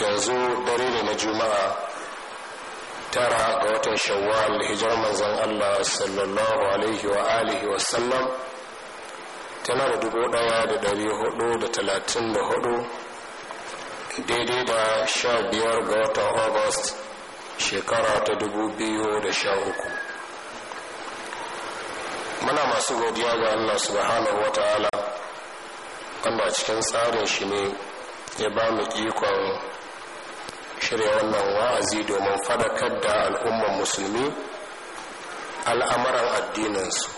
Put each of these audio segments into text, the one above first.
yanzu dare ne na juma'a tara ga watan shawwal hijar manzan allah sallallahu alaihi wa alihi wa sallam tana da dubu daya da dari hudu da talatin da hudu daidai da sha biyar ga watan august shekara ta dubu biyu da sha uku muna masu godiya ga allah subhanahu wa ta'ala wanda cikin tsarin shi ne ya ba mu ikon shirya wannan wa'azi domin fadakar da al'umman musulmi al'amuran addininsu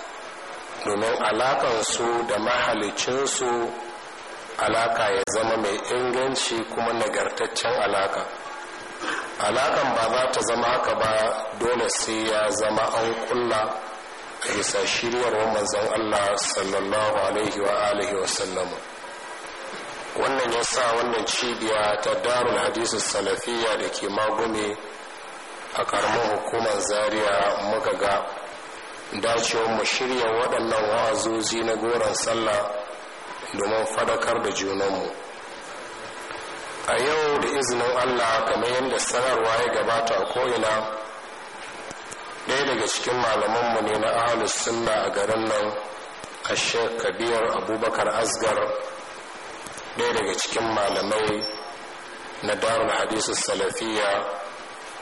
domin alakansu da mahalicinsu alaka ya zama mai inganci kuma nagartaccen alaka alakan ba za ta zama haka ba dole sai ya zama an kulla a bisa shiryarwar manzon allah sallallahu alaihi wa alihi wannan ya sa wannan cibiya ta darul hadisu salafiya da ke magumi a karamin hukumar zaria muka ga dacewar mu shirya waɗannan wa'azozi na goron sallah domin fadakar da junanmu a yau da izinin allah kamar yadda sanarwa ya gabata a ko'ina ɗaya daga cikin malamanmu ne na ahalus sunna a garin nan a shekabiyar abubakar asgar ɗaya daga cikin malamai na darul hadisu salafiya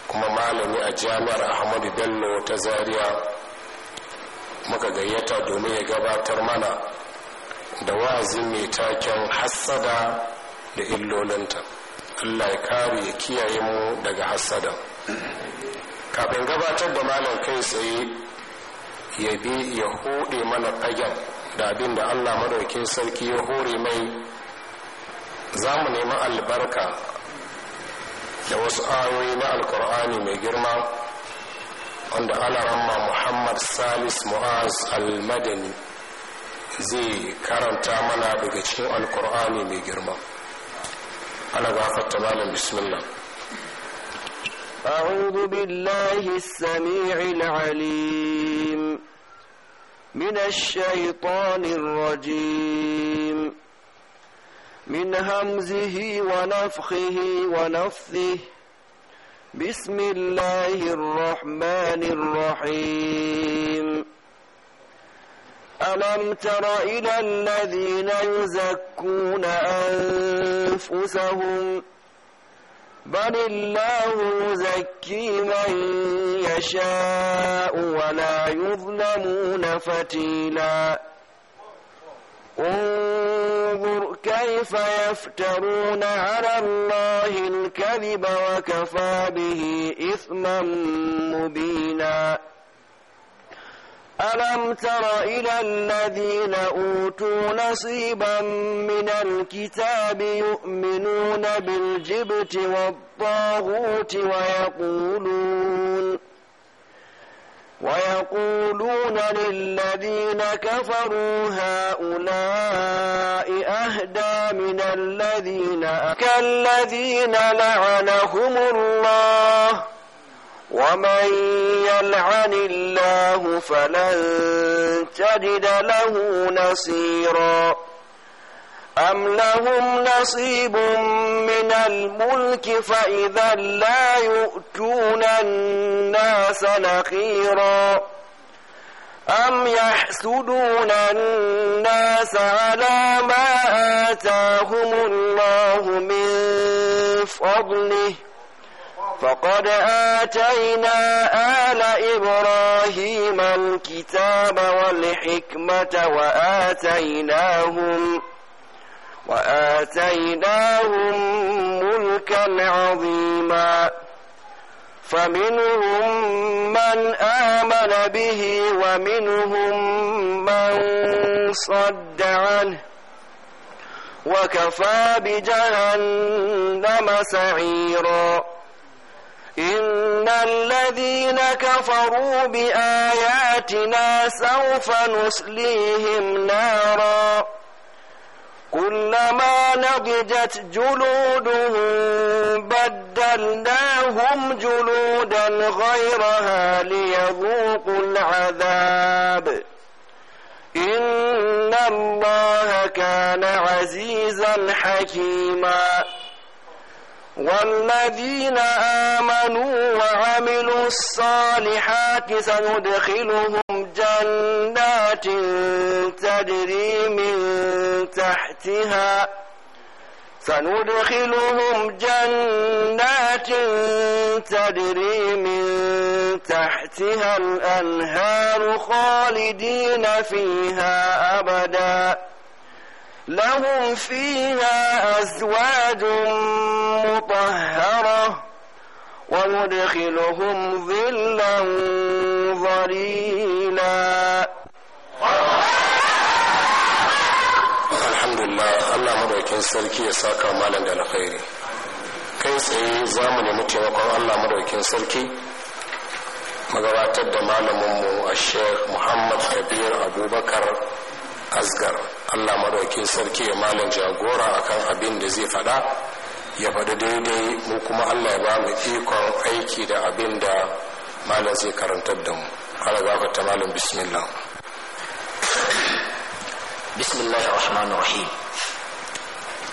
kuma malami a jami'ar ahmadu bello ta zaria muka gayyata domin ya gabatar mana da wa'azi mai taken hassada da illolinta allah ya kare ya kiyaye mu daga hassada kafin gabatar da malam kai tsaye ya bi ya hude mana fagen da abin da allah madaukin sarki ya hore mai za mu nemi albarka da wasu ayoyi na alkur'ani mai girma wanda ramma muhammad salis mu'az al-madani zai karanta mana daga cikin alkur'ani mai girma ana gafarta malam bismillah أعوذ بالله السميع العليم من الشيطان الرجيم من همزه ونفخه ونفثه بسم الله الرحمن الرحيم ألم تر إلى الذين يزكون أنفسهم بل الله يزكي من يشاء ولا يظلمون فتيلاً انظر كيف يفترون على الله الكذب وكفى به إثما مبينا ألم تر إلى الذين أوتوا نصيبا من الكتاب يؤمنون بالجبت والطاغوت ويقولون ويقولون للذين كفروا هؤلاء أهدى من الذين كالذين لعنهم الله ومن يلعن الله فلن تجد له نصيراً أم لهم نصيب من الملك فإذا لا يؤتون الناس نخيرا أم يحسدون الناس على ما آتاهم الله من فضله فقد آتينا آل إبراهيم الكتاب والحكمة وآتيناهم وآتيناهم ملكا عظيما فمنهم من آمن به ومنهم من صد عنه وكفى بجهنم سعيرا إن الذين كفروا بآياتنا سوف نسليهم ناراً كلما نضجت جلودهم بدلناهم جلودا غيرها ليذوقوا العذاب إن الله كان عزيزا حكيما والذين آمنوا وعملوا الصالحات سندخلهم جنات تجري من تحتها سندخلهم جنات تدري من تحتها الأنهار خالدين فيها أبدا لهم فيها أزواج مطهرة وندخلهم ظلا ظليلا allah madaukin sarki ya saka malam da alkhairi kai tsaye za mu nemi taimakon allah madaukin sarki magabatar da malaminmu a sheikh muhammad kabir abubakar asgar allah madaukin sarki ya malam jagora akan abin da zai fada ya faɗi daidai mu kuma allah ya ba mu ikon aiki da abin da malam zai karantar da mu ala gafarta malam bismillah الله الرحمن الرحيم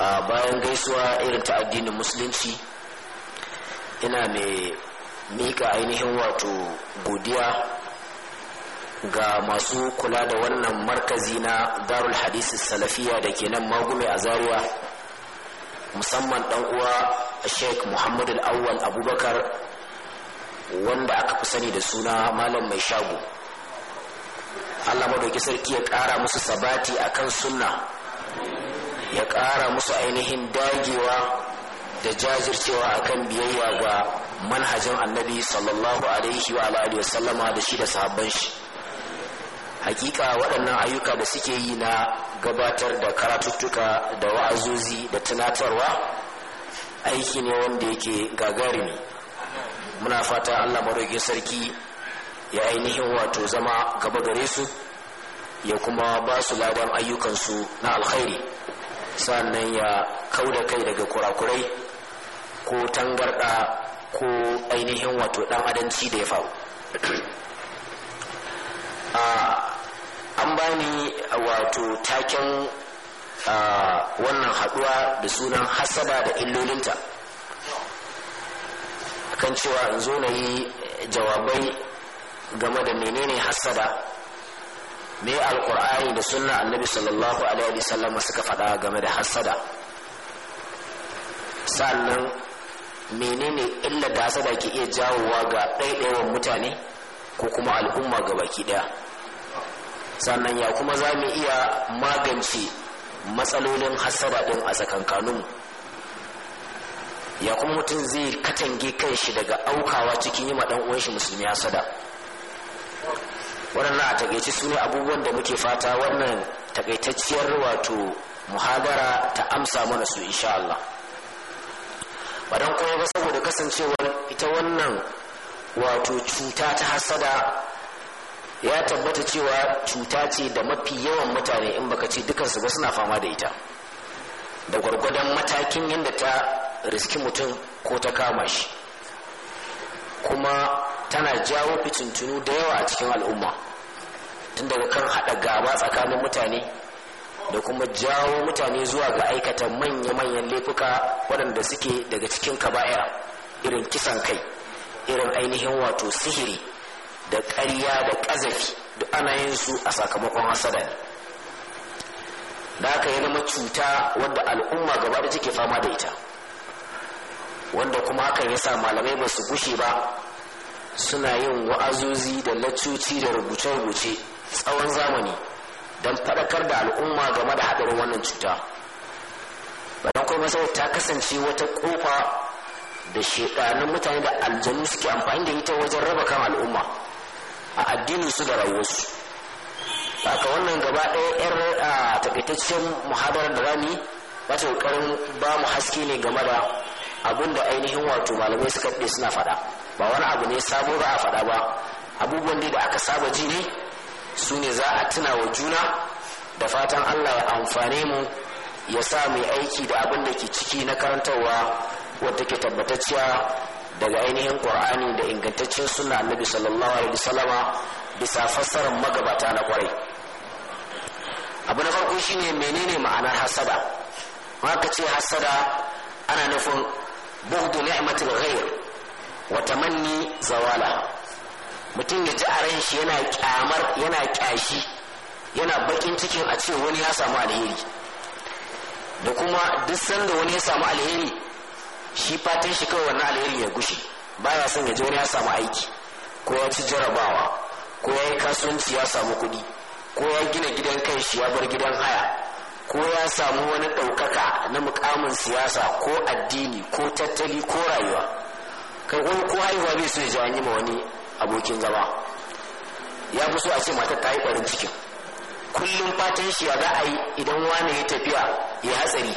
a bayan gaisuwa irin ta addinin musulunci ina mai mika ainihin wato godiya ga masu kula da wannan markazi na darul hadisi salafiya da ke nan magume a zaruwa. musamman dan uwa sheikh muhammad awwal abubakar wanda aka fi sani da suna malam mai shago allah madauki sarki ya kara musu sabati akan sunna ya ƙara musu ainihin dagewa da jajircewa akan biyayya ga manhajin annabi sallallahu alaihi wa alihi wa da shi da sahabban shi hakika waɗannan ayyuka da suke yi na gabatar da karatuttuka da wa'azozi da tunatarwa aiki ne wanda yake gagarumi muna fata allah maroƙin sarki ya ainihin wato zama gaba gare su ya kuma ba su ladan ayyukansu na alkhairi sannan ya kau da kai daga kurakurai ko tangarɗa ko ainihin wato ɗan adanci da ya faru an bani wato taken wannan haɗuwa da sunan hasaba da illolinta kan cewa in zo na yi jawabai game da menene hasada me alkur'ani da sunna annabi sallallahu alaihi wasallam suka faɗa game da hasada sannan menene illa da hasada ke iya jawowa ga ɗaiɗaiwan mutane ko kuma al'umma ga baki ɗaya sannan ya kuma za mu iya magance matsalolin hasada ɗin a tsakankaninmu ya kuma mutum zai katange kanshi daga aukawa cikin yi ma ɗan uwan musulmi hasada waɗannan a takaice su ne abubuwan da muke fata wannan takaitacciyar wato muhadara ta amsa mana su insha Allah ba don kuma ba saboda kasancewar ita wannan wato cuta ta hasada ya tabbata cewa cuta ce da mafi yawan mutane in baka ce dukansu ba suna fama da ita da gwargwadon matakin yadda ta riski mutum ko ta kama shi kuma tana jawo fitintunu da yawa a cikin al'umma tun daga kan haɗa gaba tsakanin mutane da kuma jawo mutane zuwa ga aikata manya-manyan laifuka waɗanda suke daga cikin kaba'ira irin kisan kai irin ainihin wato sihiri da ƙarya da ƙazafi da ana yin su a sakamakon hasada ne da aka yi na cuta wadda al'umma gaba da take fama da ita wanda kuma hakan ya sa malamai ba su gushe ba suna yin wa'azozi da lacoci da rubuce-rubuce tsawon zamani don faɗakar da al'umma game da haɗarin wannan cuta bayan kuma sau ta kasance wata kofa da shekarun mutane da aljanu suke amfani da ita wajen raba kan al'umma a addinin su da rayuwarsu haka wannan gaba ɗaya yar takaitaccen muhadarar da rami ba ta ƙoƙarin ba mu haske ne game da abinda ainihin wato malamai suka ɗe suna faɗa ba wani abu ne sabo ba a faɗa ba abubuwan da aka saba ji ne su ne za a tuna wa juna da fatan allah ya amfane mu ya sa mai aiki da abin da ke ciki na karantarwa wadda ke tabbatacciya daga ainihin ƙwar'ani da ingantaccen suna annabi sallallahu alaihi wasallama bisa fassarar magabata na kwarai abu na farko shine menene ma'anar hasada ka ce hasada ana nufin bughdu ni'matil ghayr watamanni zawala mutum ya ji a ran shi yana kyamar yana kyashi yana bakin cikin a ce wani ya samu alheri da kuma duk sanda wani ya samu alheri shi fatan shi kawai wannan alheri ya gushe baya son ya ji wani ya samu aiki ko ya ci jarabawa ko ya yi kasuwanci ya samu kuɗi ko ya gina gidan kai shi ya bar gidan haya ko ya samu wani ɗaukaka na mukamin siyasa ko addini ko tattali ko rayuwa kai wani ko haihuwa bai so ya yi ma wani abokin zama ya fi so a ce matar ta yi ɓarin cikin kullum fatan shi ya za a yi idan wani ya tafiya ya hatsari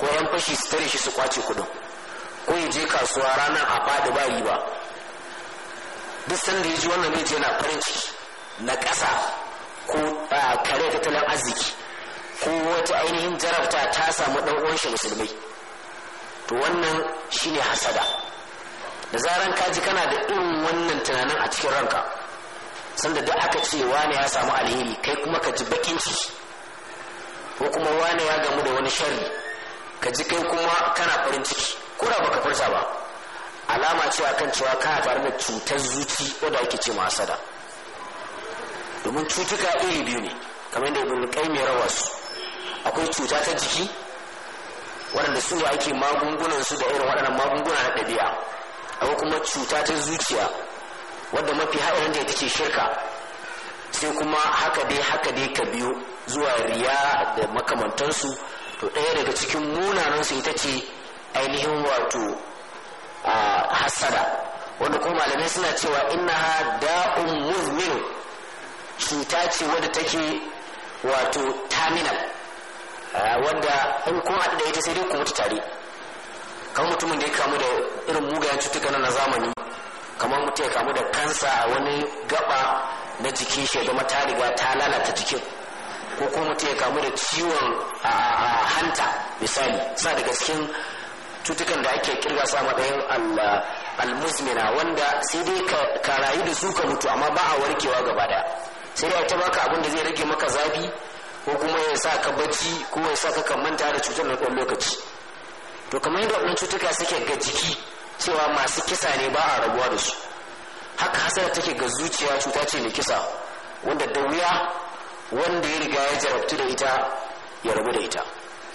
ko yan fashi su tare shi su kwace kudin ko ya je kasuwa ranar a faɗi ba riba duk sanda ya ji wannan ne na farin ciki na ƙasa ko kare tattalin arziki ko wata ainihin jarabta ta samu ɗan uwan shi musulmai to wannan shine hasada da zaran ka ji kana da irin wannan tunanin a cikin ranka sanda duk aka ce wane ya samu alheri kai kuma ka ji bakin ciki ko kuma wane ya gamu da wani sharri ka ji kai kuma kana farin ciki ko da baka farsa ba alama ce kan cewa kana tare da cutar zuci da ake ce asada domin cutuka iri biyu ne kamar da ibn qayyim ya rawa su akwai cuta ta jiki waɗanda su ake magungunan su da irin waɗannan magunguna na ɗabi'a akwai kuma cuta ta zuciya wadda mafi da ita ce shirka sai kuma haka dai haka dai ka biyo zuwa riya da makamantansu to ɗaya daga cikin munanansu ita ce ainihin wato hasada wanda kuma malamai suna cewa ha da'un muzmin cuta ce wadda take wato terminal wadda in kun haɗu da ita sai dai ku mutu tare kan mutumin da ya kamu da irin mugayen cutuka na zamani kamar mutum ya kamu da kansa a wani gaba na jikin shi da ta riga ta lalata jikin ko kuma mutum ya kamu da ciwon a hanta misali sa daga cikin cutukan da ake kirga sa matsayin almuzmina wanda sai dai ka rayu da su ka mutu amma ba a warkewa gaba da sai dai ta baka abin da zai rage maka zafi ko kuma ya sa ka bacci ko ya sa ka manta da cutar na ɗan lokaci to kamar yadda wani cutuka suke ga jiki cewa masu kisa ne ba a rabuwa da su haka hasara take ga zuciya cuta ce mai kisa wanda da wuya wanda ya riga ya jarabtu da ita ya rabu da ita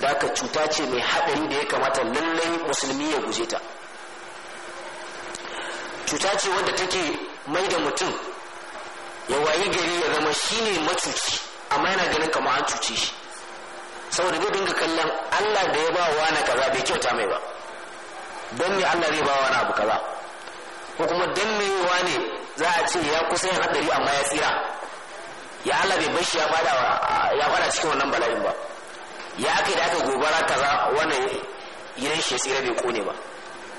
da haka cuta ce mai haɗari da ya kamata lallai musulmi ya guje ta cuta ce wanda take mai da mutum ya wayi gari ya zama ne macuci amma yana ganin kamar an cuce shi saboda zai dinga kallon Allah da ya ba wa na kaza bai kyauta mai ba don me Allah zai ba wa na abu kaza ko kuma don me ne za a ce ya kusa yin hadari amma ya tsira ya Allah bai bashi ya fada ya fada cikin wannan bala'in ba ya aka da aka gobara kaza wannan yin shi ya tsira bai kone ba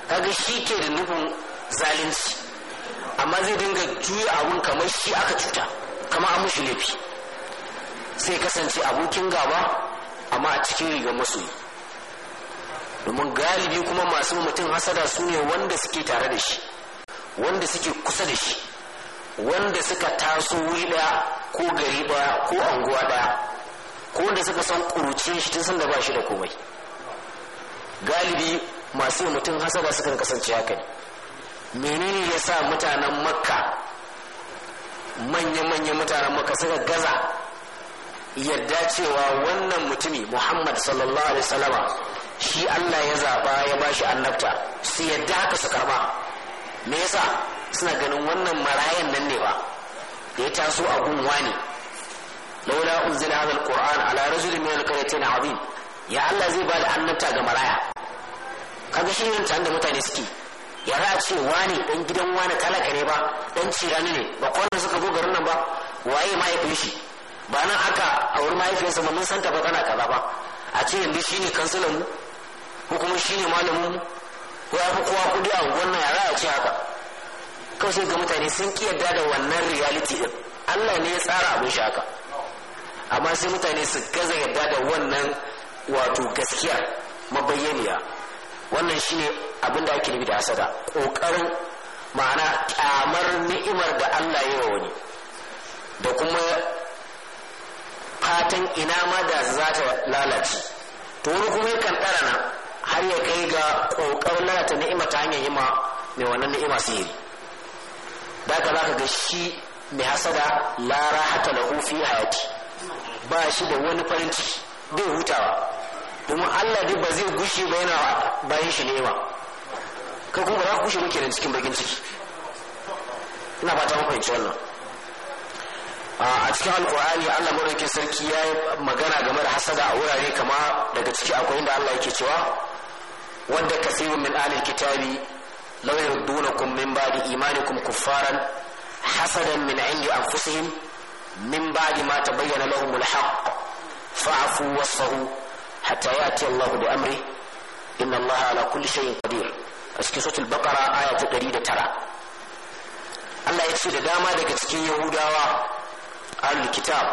kaga shi ke da nufin zalunci amma zai dinga juya abun kamar shi aka cuta kamar an mushi laifi sai kasance abokin gaba amma a cikin rigar masoyi domin galibi kuma masu mutum hasada su ne wanda suke tare da shi wanda suke kusa da shi wanda suka taso wuri daya ko gari daya ko anguwa daya ko wanda suka san kuruce shi tun san da ba shi da komai galibi masu mutum hasada sukan kasance haka ne menene ya sa mutanen makka manya-manya mutanen makka suka gaza yarda cewa wannan mutumi muhammad sallallahu alaihi wasallama shi allah ya zaba ya bashi annabta su yadda haka su karba me yasa suna ganin wannan marayan nan ne ba da ya taso a gunwa ne laula unzila hadha alquran ala rajulin min alqaryatin azim ya allah zai bada annabta ga maraya kaga shi ne da mutane suke ya ra ce wani dan gidan wani talaka ne ba dan cirani ne ba kwanan suka zo garin nan ba waye ma ya shi ba nan aka a wurin mahaifiyarsa ba mun san ta ba tana kaza ba a ce yanzu shine kansilan mu ko kuma shine malamin mu ko ya fi kowa kudi a wannan yara a ce haka kawai sai ga mutane sun ki yarda da wannan reality din Allah ne ya tsara abin shi haka amma sai mutane su gaza yarda da wannan wato gaskiya mabayyaniya wannan shine abin da ake nufi da asada. kokarin ma'ana kyamar ni'imar da Allah ya wa wani da kuma fatan ina ma da za ta lalace to wani kuma yakan ɗara na har ya kai ga ƙoƙarin lalata ni'ima ta hanyar yi ma mai wannan ni'ima yi da ka zaka ga shi mai hasada lara rahata lahu fi hayati ba shi da wani farin ciki bai hutawa domin Allah duk ba zai gushe ba yana bayan shi ni'ima kai kuma ba za ku gushe ba kenan cikin bakin ciki ina fata mun fahimci wannan a cikin alkur'ani allah maɗaukin sarki ya yi magana game da hasada a wurare kama daga ciki akwai inda allah yake cewa wanda kasirun min alil kitabi law kun min imani kun kuffaran hasadan min indi anfusihim min ba'di ma tabayyana lahum alhaq fa'fu wasfahu hatta ce allah da amri inna allah ala kulli shay'in qadir a cikin suratul baqara aya ta 109 Allah ya ce da dama daga cikin Yahudawa ahlul kitab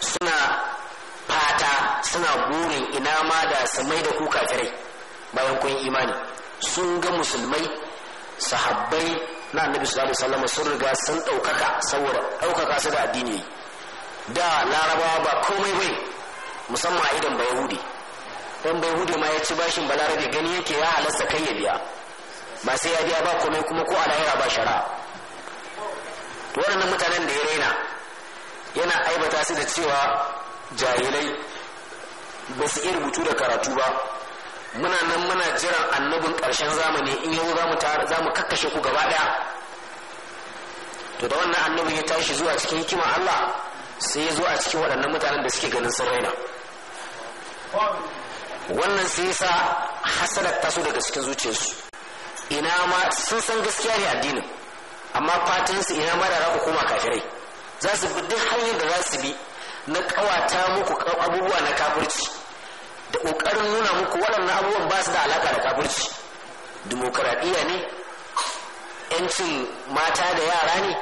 suna fata suna burin ina ma da su mai da ku kafirai bayan kun imani sun ga musulmai sahabbai na annabi sallallahu alaihi wasallam sun riga sun ɗaukaka saboda ɗaukaka su da addini da larabawa ba komai bai musamman a idan bayahudi dan bayahudi ma ya ci bashin balarabe gani yake ya halasta kai ya biya ba sai ya biya ba komai kuma ko a ba shara. to waɗannan mutanen da ya raina yana aibata su da cewa jahilai ba su iya rubutu da karatu ba muna nan muna jiran annabin ƙarshen zamani in yanzu za mu kakkashe ku gaba ɗaya to da wannan annabin ya tashi zuwa cikin hikimar Allah sai ya zo a cikin waɗannan mutanen da suke ganin sun raina wannan sai ya sa hasadar taso daga cikin zuciyarsu ina ma sun san gaskiya ne addinin amma fatan su ina marara da kuma ku kafirai za su bi duk hanyar da za su bi na kawata muku abubuwa na kafirci da ƙoƙarin nuna muku waɗannan abubuwan ba su da alaka da kafirci dimokuraɗiyya ne yancin mata da yara ne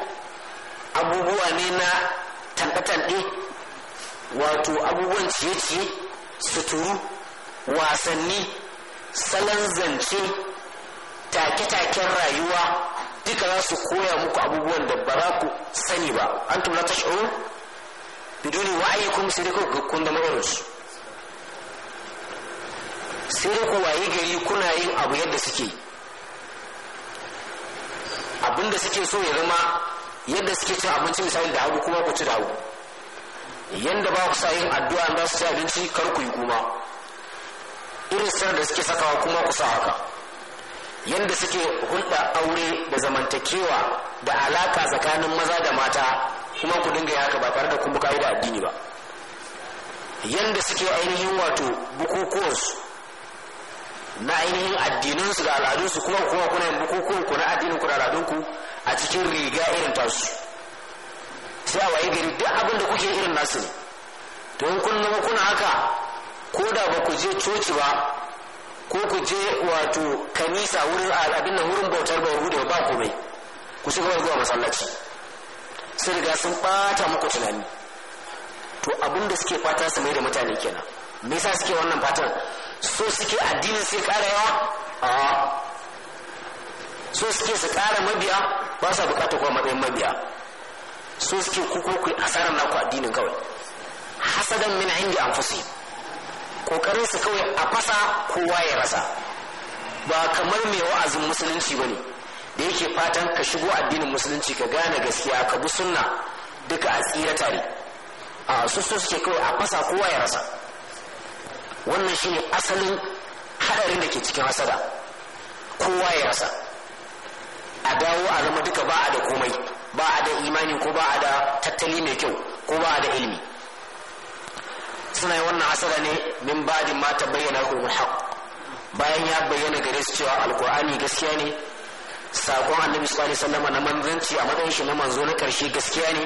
abubuwa ne na tanɗe-tanɗe wato abubuwan ciye-ciye suturu wasanni salon zance take-taken rayuwa duka za su koya muku abubuwan da ba za ku sani ba an tumla ta shi'o bidoni kuma sai dai kuka kun zama irinsu sai dai ku waye gari kuna yin abu yadda suke abinda suke so ya zama yadda suke cin abinci misali da hagu kuma ku ci da hagu yadda ba ku sa yin addu'a da su ci abinci kar ku yi kuma irin sanar da suke sakawa kuma ku sa haka yadda suke hulɗa aure da zamantakewa da alaka tsakanin maza da mata kuma ku dinga yi haka ba tare da kun bi ka'ida addini ba yadda suke ainihin wato bukukuwansu na ainihin addininsu da al'adunsu kuma kuma kuna yin bukukuwan ku na addininku da al'adunku a cikin riga irin tasu sai a waye gari duk abin da kuke irin nasu ne to in kun zama kuna haka ko da ba ku je coci ba ko ku je wato kanisa wurin abin nan wurin bautar bai hude ba komai ku shiga zuwa masallaci sun riga sun bata muku tunani to abin da suke fata su mai da mutane kenan me yasa suke wannan fatan so suke addinin sai kara yawa a so suke su kara mabiya ba sa bukata kuma matsayin mabiya so suke ku ko ku asarar naku addinin kawai hasadan min indi anfusihim kokarin su kawai a fasa kowa ya rasa ba kamar mai wa'azin musulunci ba ne da yake fatan ka shigo addinin musulunci ka gane gaskiya ka bi sunna duka a tsira tare a su so suke kawai a fasa kowa ya rasa wannan shine asalin hadarin da ke cikin hasada kowa ya rasa a dawo a zama duka ba a da komai ba a da imani ko ba a da tattali mai kyau ko ba a da ilimi suna yi wannan asara ne min ba'di ma bayyana lahumul haqq bayan ya bayyana gare su cewa alqur'ani gaskiya ne saƙon annabi sallallahu alaihi wasallam na manzanci a matsayin shi na manzo na karshe gaskiya ne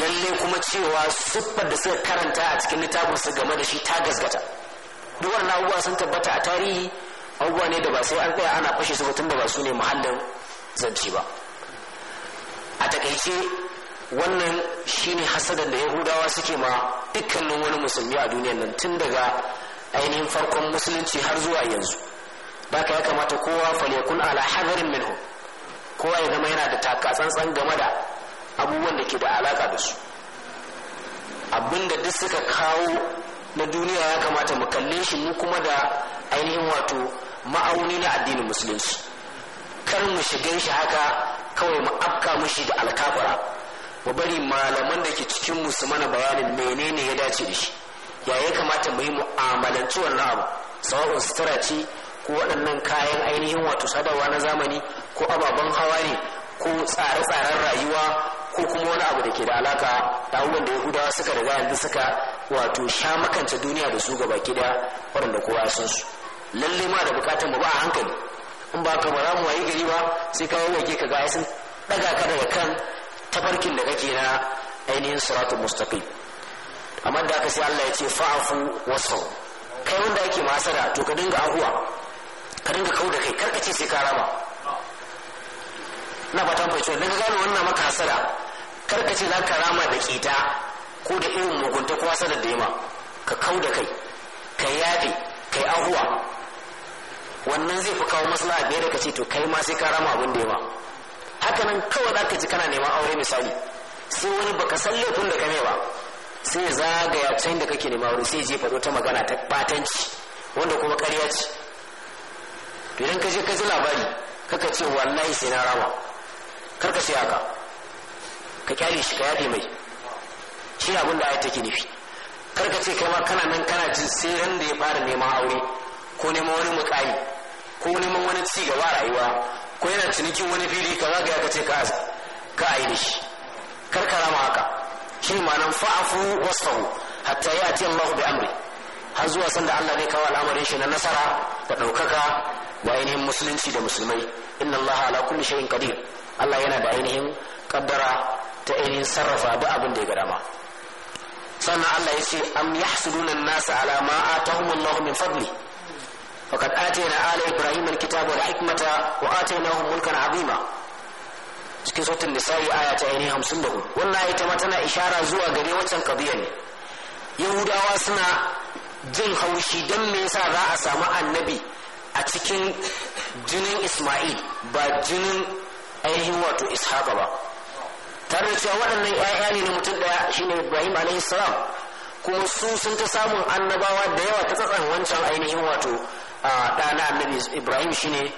lalle kuma cewa siffar da suka karanta a cikin littafin su game da shi ta gasgata duk wannan abubuwa sun tabbata a tarihi abubuwa ne da ba sai an tsaya ana fashe su ba tun da ba su ne muhallin zance ba a takaice wannan shine hasadan da yahudawa suke ma dukkanin wani musulmi a duniyan nan tun daga ainihin farkon musulunci har zuwa yanzu da ya kamata kowa falekun ala hadarin minhu kowa ya zama yana da takatsantsan game da abubuwan da ke da alaka da su Abin da duk suka kawo na duniya ya kamata mu kalle shi mu kuma da ainihin wato ma'auni na addinin musulunci kar mu shiga shi haka kawai mu afka mushi da alkafara mu bari malaman da ke cikin mu mana bayanin menene ya dace da shi ya ya kamata mu yi mu'amalanci wannan abu sawa'un sutura ce ko waɗannan kayan ainihin wato sadarwa na zamani ko ababen hawa ne ko tsare-tsaren rayuwa ko kuma wani abu da ke da alaka da abubuwan da yahudawa suka riga yanzu suka wato sha makance duniya da su gaba gida waɗanda kowa ya san su lalle ma da bukatan mu ba a hankali in ba ka mu wayi gari ba sai ka wani ka ga sun daga ka daga kan tafarkin da kake na ainihin suratu mustaqim amma da aka sai Allah ya ce fa'afu wasau kai wanda yake masara to ka dinga ahuwa ka dinga kau da kai ka ce sai ka rama na fatan fahimci daga gano wannan maka hasara ka ce za ka rama da kita ko da irin mugunta ko hasara da yama ka kau da kai ka yabe kai ahuwa wannan zai fi kawo maslaha biyar da ka ce to kai ma sai ka rama abin da yawa. haka nan kawai za ka ji kana neman aure misali sai wani baka san laifin da ka ba sai ya zagaya can da kake neman aure sai ya je faɗo ta magana ta batanci wanda kuma ƙarya ce to idan ka je ka ji labari kaka ce wallahi sai na rama kar ka ce haka ka kyale shi ka yaɗe mai shi abin da ayat take nufi kar ka ce kai ma kana nan kana jin sai ran da ya fara neman aure ko neman wani mukami ko neman wani ci gaba rayuwa ko yana cinikin wani fili ka zaga ya kace ka aini shi karkara ma haka shi ma'anan fa'afu wasfahu hatta ya ati Allah bi amri har zuwa sanda Allah ne kawo al'amarin shi na nasara da ɗaukaka da ainihin musulunci da musulmai inna Allah ala kulli shay'in qadir Allah yana da ainihin kaddara ta ainihin sarrafa duk abin da ya ga dama sannan Allah ya ce am yahsuduna an-nasa ala ma atahum Allah min fadli فقد آتينا آل إبراهيم الكتاب والحكمة وآتيناهم ملكا عظيما cikin sautin sai aya ta ainihin hamsin da hudu wannan ita ma tana ishara zuwa gare wancan kabiya ne yahudawa suna jin haushi don me yasa za a samu annabi a cikin jinin isma'il ba jinin ainihin wato ishaqa ba tare da cewa waɗannan 'ya'ya ne na mutum ɗaya shine ibrahim alaihi salam kuma su sun ta samun annabawa da yawa ta tsatsan wancan ainihin wato ɗana annabi ibrahim shine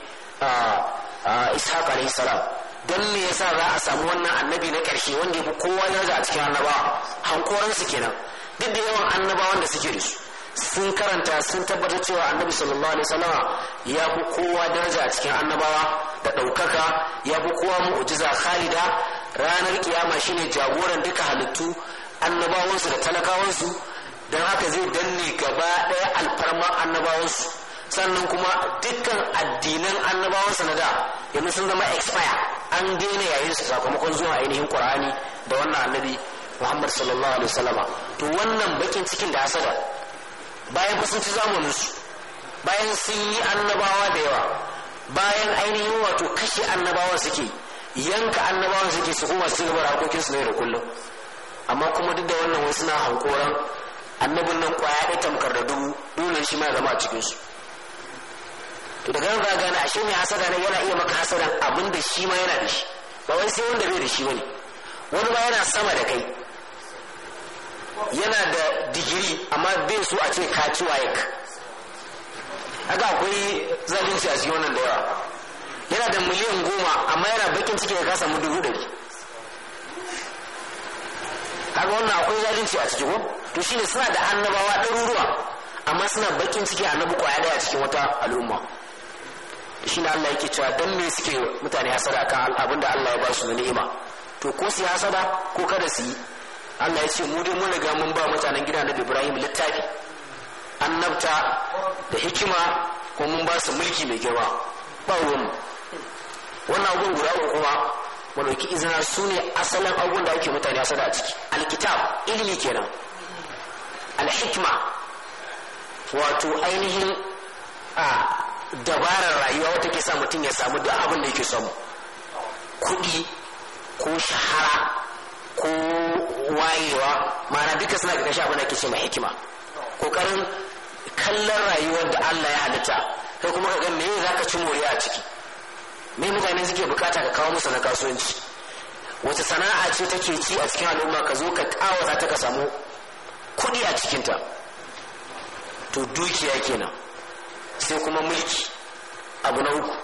ishaq alayhi salam don me yasa za a samu wannan annabi na ƙarshe wanda ya kowa daraja a cikin annabawa hankoransu kenan duk da yawan annabawan da suke da su sun karanta sun tabbatar cewa annabi sallallahu alaihi wasallama ya fi kowa daraja a cikin annabawa da ɗaukaka ya fi kowa mu'jiza khalida ranar kiyama shine jagoran duka halittu annabawansu da talakawansu don haka zai danne gaba ɗaya alfarma annabawansu sannan kuma dukkan addinan annabawan da yanzu sun zama expire an daina yayin su sakamakon zuwa ainihin qur'ani da wannan annabi muhammad sallallahu alaihi wasallama to wannan bakin cikin da asada bayan sun ci zamanin su bayan sun yi annabawa da yawa bayan ainihin wato kashe annabawa suke yanka annabawa suke su kuma su gaba da harkokin su ne da kullum amma kuma duk da wannan wasu na hankoran annabin nan kwaya ɗaya tamkar da dubu dole shi ma zama a cikinsu. to daga ba gane gane ashe mai hasada nan yana iya maka hasada abin da shi ma yana da shi ba wani sai wanda bai da shi wani wani ba yana sama da kai yana da digiri amma bai so a ce ka ci waye ka haka akwai zalunci a cikin wannan da yawa yana da miliyan goma amma yana bakin ciki da kasa mu dubu ɗari haka wannan akwai zalunci a ciki ko to shine suna da annabawa ɗaruruwa amma suna bakin ciki annabi kwaya daya cikin wata al'umma shi na Allah yake cewa dan me suke mutane hasada kan abinda Allah ya ba su na ni'ima to ko su hasada ko kada su yi Allah ya ce mu dai mun riga mun ba mutanen gida na Ibrahim littafi annabta da hikima ko mun ba su mulki mai girma ba wani. wannan abun guda uku kuma malauki izina su ne asalin abun da ake mutane hasada a ciki alkitab ilimi kenan alhikma wato ainihin a dabarar rayuwa wata ke sa mutum ya samu duk abin da yake samu kuɗi ko shahara ko wayewa ma'ana duka suna ga kashi abin da ke ce mai hikima kokarin kallon rayuwar da Allah ya halitta kai kuma ka ga me za ka ci moriya a ciki me mutane suke bukata ka kawo musu na kasuwanci wata sana'a ce take ci a cikin al'umma ka zo ka za ta ka samu kuɗi a cikinta to dukiya kenan sai kuma mulki abu na uku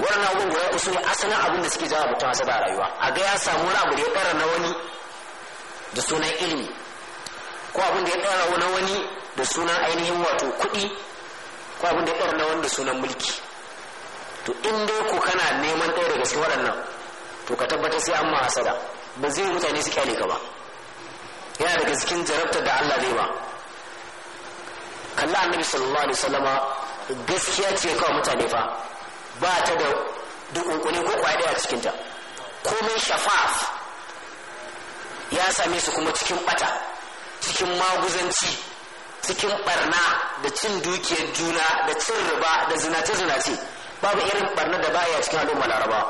wannan abubuwan guda uku ne asalin abin da suke jawa mutum hasada a rayuwa a ga ya samu wani abu da ya ɗara na wani da sunan ilimi ko abin da ya ɗara na wani da sunan ainihin wato kuɗi ko abin da ya ɗara na wani da sunan mulki to in dai ko kana neman ɗaya daga cikin waɗannan to ka tabbatar sai an ma hasada ba zai mutane su kyale ka ba yana daga cikin jarabtar da Allah zai ba kalla annabi sallallahu alaihi wasallama gaskiya ce kawai mutane fa ba ta da dukunkuni ko kwaya a cikin ta komai shafaf ya same su kuma cikin bata cikin maguzanci cikin barna da cin dukiyar juna da cin riba da zinace zinace babu irin barna da baya cikin al'umma laraba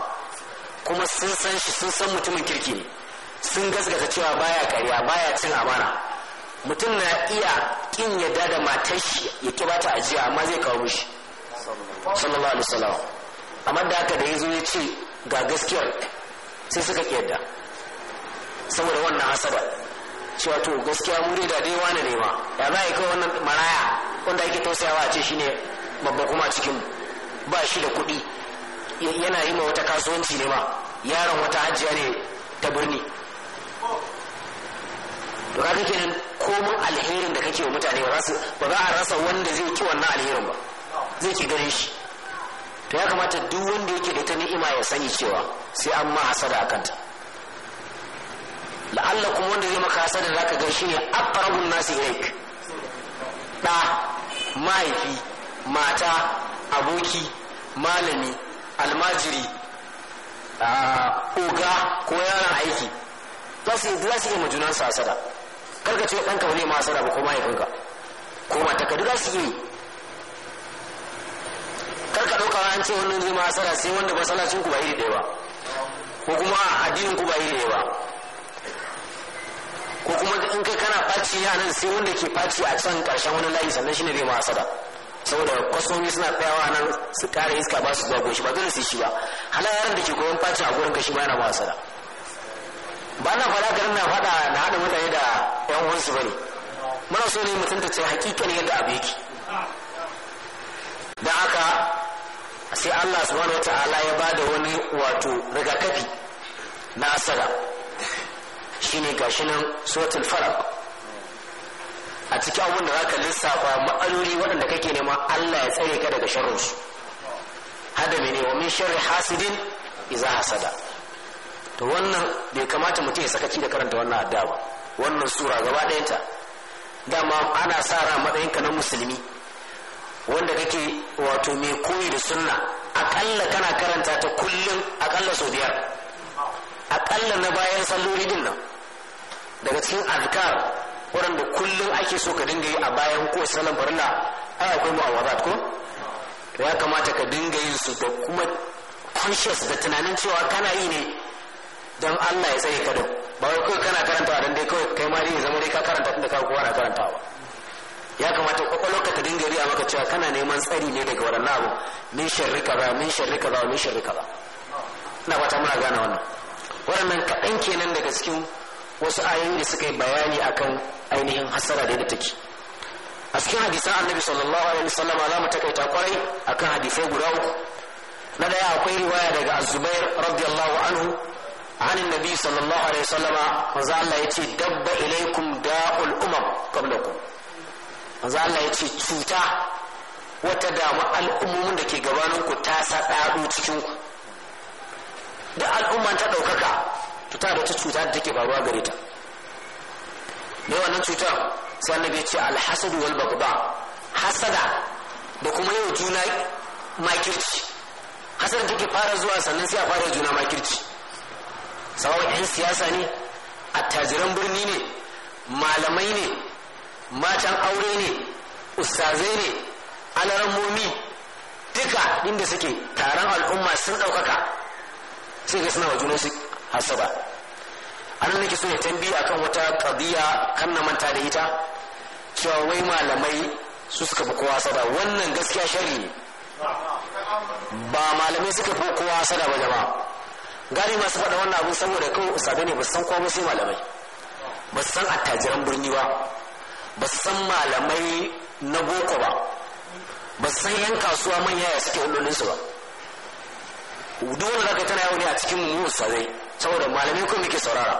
kuma sun san shi sun san mutumin kirki ne sun gasgata cewa baya karya baya cin amana mutum na iya kin yadda da matar shi ya ki bata ajiya amma zai kawo mishi sallallahu alaihi wasallam amma da haka da ya ya ce ga gaskiyar sai suka yadda saboda wannan hasada cewa to gaskiya mu da dai wani ne ma ya za a kai wannan maraya wanda ake tausayawa a ce shine babba kuma a cikin ba shi da kuɗi yana yi ma wata kasuwanci ne ma yaron wata hajjiya ne ta birni to kenan komin alherin da kake wa mutane ba za a rasa wanda zai ki wannan alherin ba zai ki gare shi to ya kamata duk wanda yake da ta ni'ima ya sani cewa sai an ma hasada a kanta la'alla kuma wanda zai maka hasada za ka ga shi ne aqrabun nasi ilaik da mahaifi mata aboki malami almajiri ah, oga ko yaran aiki za su iya majunansu hasada karka ce ɗanka wani zai ma hasara ba ko mahaifinka ko mataka za su yi karka ɗauka an ce wannan zai ma hasara sai wanda masallacin ku ba iri ɗaya ba ko kuma addinin ku ba iri ɗaya ba ko kuma in kai kana faci a nan sai wanda ke faci a can ƙarshen wani layi sannan shi ne zai ma hasara saboda kwasomi suna tsayawa nan su kare iska ba su zuwa goshi ba dole su shi ba halayyar da ke goyon faci a gurin ka shi ba yana ma hasara ba na faɗa garin na faɗa na haɗa mutane da yan uwansu bane muna so ne mutum ta ce hakikani yadda abu yake da haka sai Allah subhanahu wa ta'ala ya bada wani wato rigakafi na asara shine gashi nan suratul fara a cikin abin da zaka lissafa ma'aloli waɗanda kake nema Allah ya tsare ka daga sharrinsu hada mene wa min sharri hasidin iza hasada to wannan bai kamata mutum ya sakaci da karanta wannan adda ba wannan sura gaba ɗayanta dama ana sa ran matsayinka na musulmi wanda kake wato mai koyi da sunna akalla kana karanta ta kullum akalla sau biyar akalla na bayan salloli din nan daga cikin azkar waɗanda kullum ake so ka dinga yi a bayan ko salon farilla ai akwai mu'awazat ko ya kamata ka dinga yin su da kuma conscious da tunanin cewa kana yi ne don Allah ya tsare ka don ba wai kawai kana karantawa don dai kawai kai ma dai zama dai ka karanta tunda ka kowa na karantawa ya kamata kwakwalwarka ta dinga riya maka cewa kana neman tsari ne daga waɗannan abu min sharri kaza min sharri kaza min sharri kaza ina fata muna gane wannan waɗannan kaɗan kenan daga cikin wasu ayoyi da suka yi bayani akan ainihin hasara da take a cikin hadisan annabi sallallahu alaihi wasallam za mu takaita kwarai akan hadisai guda uku na daya akwai riwaya daga azubair radiyallahu anhu عن النبي صلى الله عليه وسلم manzo Allah yace dabba ilaikum da'ul umam qablakum manzo Allah yace cuta wata damu al'ummomin da ke gabanin ku ta sadadu cikin ku da al'umman ta ɗaukaka to ta da ta cuta da take faruwa gare ta ne wannan cutar sai annabi yace al-hasad wal baghdha hasada da kuma yau juna makirci hasada take fara zuwa sannan sai a fara juna makirci sawa 'yan siyasa ne attajiran birni ne malamai ne matan aure ne ustazai ne momi duka inda suke taron al'umma sun ɗaukaka sai ga suna wa juna su hasaba an nake so ya tambi akan wata ƙadiyya kan na manta da ita cewa wai malamai su suka fi kowa sada wannan gaskiya shari ne ba malamai suka fi kowa sada ba jama'a gari masu faɗa wannan abu saboda kawai usabe ne ba san komai sai malamai ba san attajiran birni ba ba san malamai na boko ba ba san yan kasuwa manya ya suke su ba duk wanda zaka tana yawo ne a cikin mu usabe saboda malamai kuma muke saurara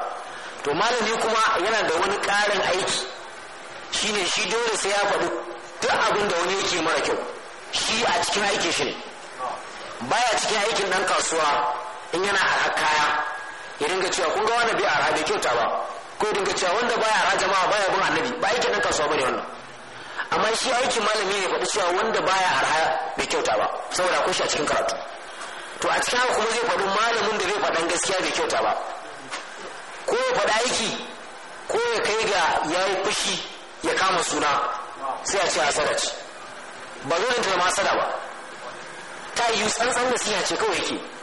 to malami kuma yana da wani ƙarin aiki shine shi dole sai ya faɗi duk abin da wani yake mara kyau shi a cikin aikin shi ne baya cikin aikin ɗan kasuwa in yana har kaya ya dinga cewa kun ga wani bai arha bai kyauta ba ko ya dinga cewa wanda baya arha jama'a baya bin annabi ba yake dan kasuwa bane wannan amma shi aikin malami ne faɗi cewa wanda baya arha bai kyauta ba saboda akwai shi a cikin karatu to a cikin haka kuma zai faɗi malamin da zai faɗan gaskiya bai kyauta ba ko ya faɗa aiki ko ya kai ga ya yi fushi ya kama suna sai a ce hasada ce ba zo da ta zama hasada ba ta yi tsantsan siya ce kawai yake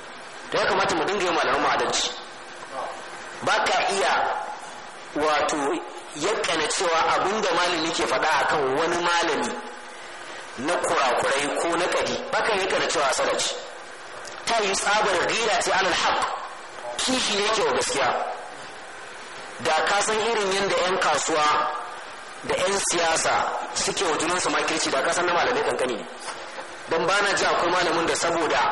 da ya kamata mu dinga yin malaman adalci ba ka iya wato yakana cewa abin da malami ke faɗa akan wani malami na kurakurai ko na kadi ba ka yakana cewa salaci ta yi tsabar gira ce alal haq kishi yake wa gaskiya da ka san irin yadda 'yan kasuwa da 'yan siyasa suke wa junansu makirci da ka san na malamai kankani don ba na ji akwai malamin da saboda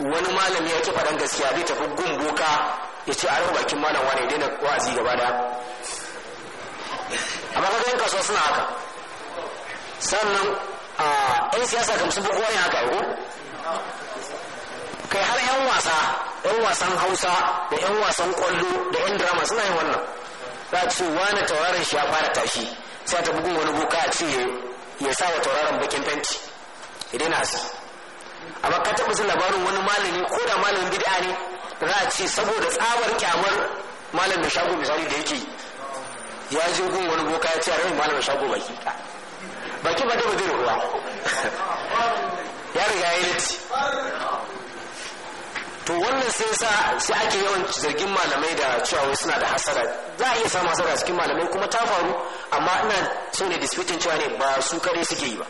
wani malami ya ki faɗan gaskiya zai tafi gun boka ya ce a yau bakin malam wani ya daina wa'azi gaba da amma kaga yin kasuwa suna haka sannan a yan siyasa kam sun fi haka ko kai har yan wasa yan wasan hausa da yan wasan kwallo da yan drama suna yin wannan za a ce wani tauraron shi ya fara tashi sai ta bugun wani buka a ce ya sa wa tauraron bakin fenti ya daina asiri amma ka taɓa jin labarin wani malami ko da malamin bid'a ne za a ce saboda tsabar kyamar malamin da shago misali da yake ya je gun wani boka ya ce a rai malam shago baki baki ba da ba zai ruwa ya riga ya yi to wannan sai sa sai ake yawan zargin malamai da cewa wai suna da hasara za a iya samu hasara cikin malamai kuma ta faru amma ina so ne disputin cewa ne ba su kare suke yi ba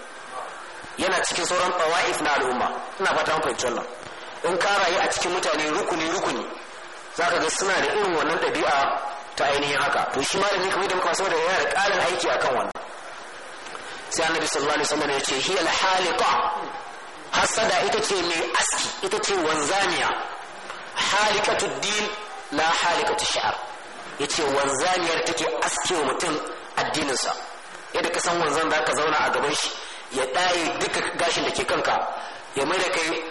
yana cikin sauran fawa'if na al'umma ina fata an fahimci wannan in ka rayu a cikin mutane rukuni rukuni za ka ga suna da irin wannan ɗabi'a ta ainihin haka to shi malami kamar da muka saboda yana da ƙarin aiki akan wannan sai annabi sallallahu alaihi wasallam ya ce hiya al-haliqa hasada ita ce mai aski ita ce wanzaniya halikatu din la halikatu shi'ar yace wanzaniyar take aske mutum addininsa yadda ka san wanzan da ka zauna a gaban shi ya ɗaya duka gashin da ke kanka ya mai da kai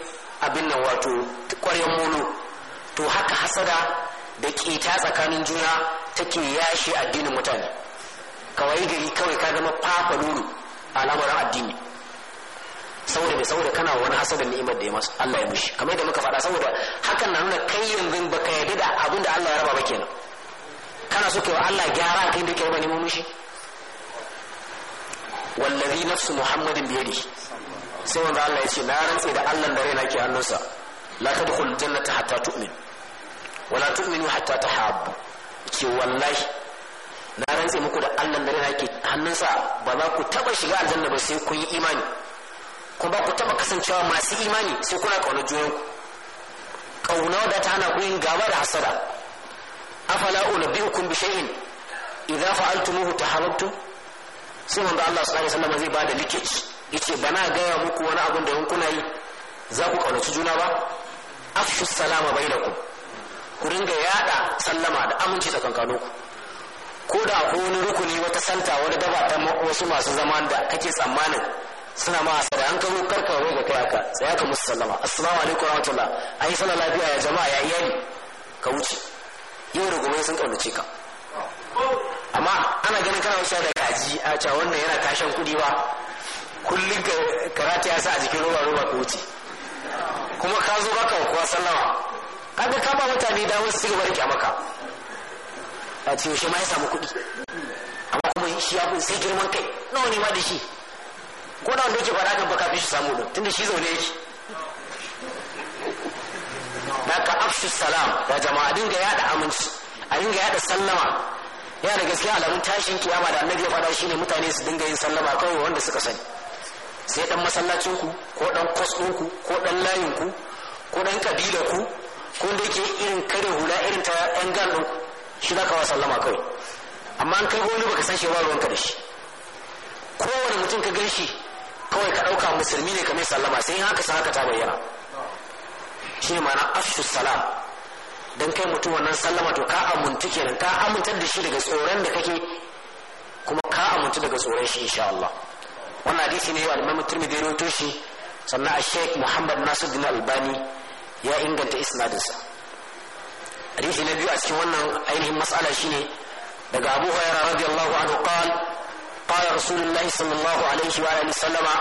abin nan wato ƙwaryen molo to haka hasada da ƙeta tsakanin juna take yashe addinin mutane kawai gari kawai ka zama fafa lulu a lamarin addini saboda mai saboda kana wani hasadar ni'imar da ya masu Allah ya mushi kamar yadda muka faɗa saboda hakan na nuna kai yanzu baka yadda da abin da Allah ya raba ba kenan kana so kewa Allah gyara kai da kai ba neman mushi wallazi nafsu muhammadin biyadi sai wanda Allah ya ce na rantse da Allah da raina ke hannunsa la tadkhul jannata hatta tu'min wala tu'minu hatta tahabbu ce wallahi na rantse muku da Allah da raina ke hannunsa ba za ku taba shiga aljanna ba sai kun yi imani kuma ba ku taba kasancewa masu imani sai kuna kaunar junanku kauna da ta hana ku gaba da hasada afala unabbiukum bi shay'in idza fa'altumuhu tahabbtum sai wanda Allah sallallahu alaihi wasallam zai bada likici yace bana gaya muku wani abin da kuna yi za ku kaunaci juna ba afshu salama bainakum ku ringa yada sallama da aminci tsakankanin ku ko da ko wani rukuni wata santa wani daba ta wasu masu zama da kake tsammanin suna ma da an karo karka roga kai aka tsaya ka musu sallama assalamu alaikum rahmatullah ayi sallah lafiya ya jama'a ya iyali ka wuce yau da gobe sun kaunace ka amma ana ganin kana wasu da kaji a ce wannan yana kashen kudi ba kullum karatu ya sa a jikin roba roba ka wuce kuma ka zo baka kuwa sallama kaga ka ba mutane da wasu su gaba rike maka a ce yaushe ma ya samu kudi amma kuma shi ya sai girman kai nawa ne ma da shi ko da wanda yake ba kan baka kafin shi samu don tunda shi zaune yake da ka afshu salam da jama'a dinga yada aminci a dinga yada sallama yana da gaskiya alamun tashin kiyama da annabi ya faɗa shine mutane su dinga yin sallama kawai wanda suka sani sai dan masallacin ku ko dan kwas ku ko dan layin ku ko dan kabila ku ko da yake irin kare hula irin ta yan gan shi zaka wa sallama kawai amma an kai wani baka san shi ba ruwanka da shi kowane mutum ka gan shi kawai ka ɗauka musulmi ne ka mai sallama sai in haka sa haka ta bayyana shi ne ma'ana salam don kai mutum wannan sallama to ka amuntu kenan ka amintar da shi daga tsoron da kake kuma ka amuntu daga tsoron shi insha Allah wannan hadisi ne wa imam Tirmidhi rawaito shi sannan a Sheikh Muhammad Nasiruddin Albani ya inganta sa hadisi na biyu a cikin wannan ainihin mas'ala shine daga Abu Hurairah radiyallahu anhu qala sallallahu alaihi wa صلى wa عليه sallama.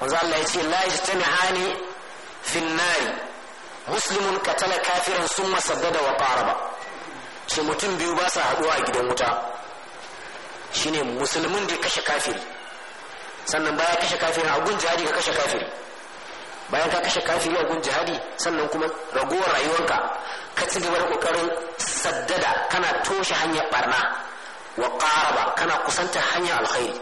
Wanzan وزال ce يتي لا يجتمعان في nari muslimun katala kafiran sun masaddada wa qaraba ce mutum biyu ba sa haduwa a gidan wuta shine musulmin da kashe kafiri sannan baya kashe kafiri a gun jihadi ka kashe kafiri bayan ka kashe kafiri a gun jihadi sannan kuma ragowar rayuwarka ka ci gaba da kokarin saddada kana toshe hanyar barna wa qaraba kana kusanta hanyar alkhairi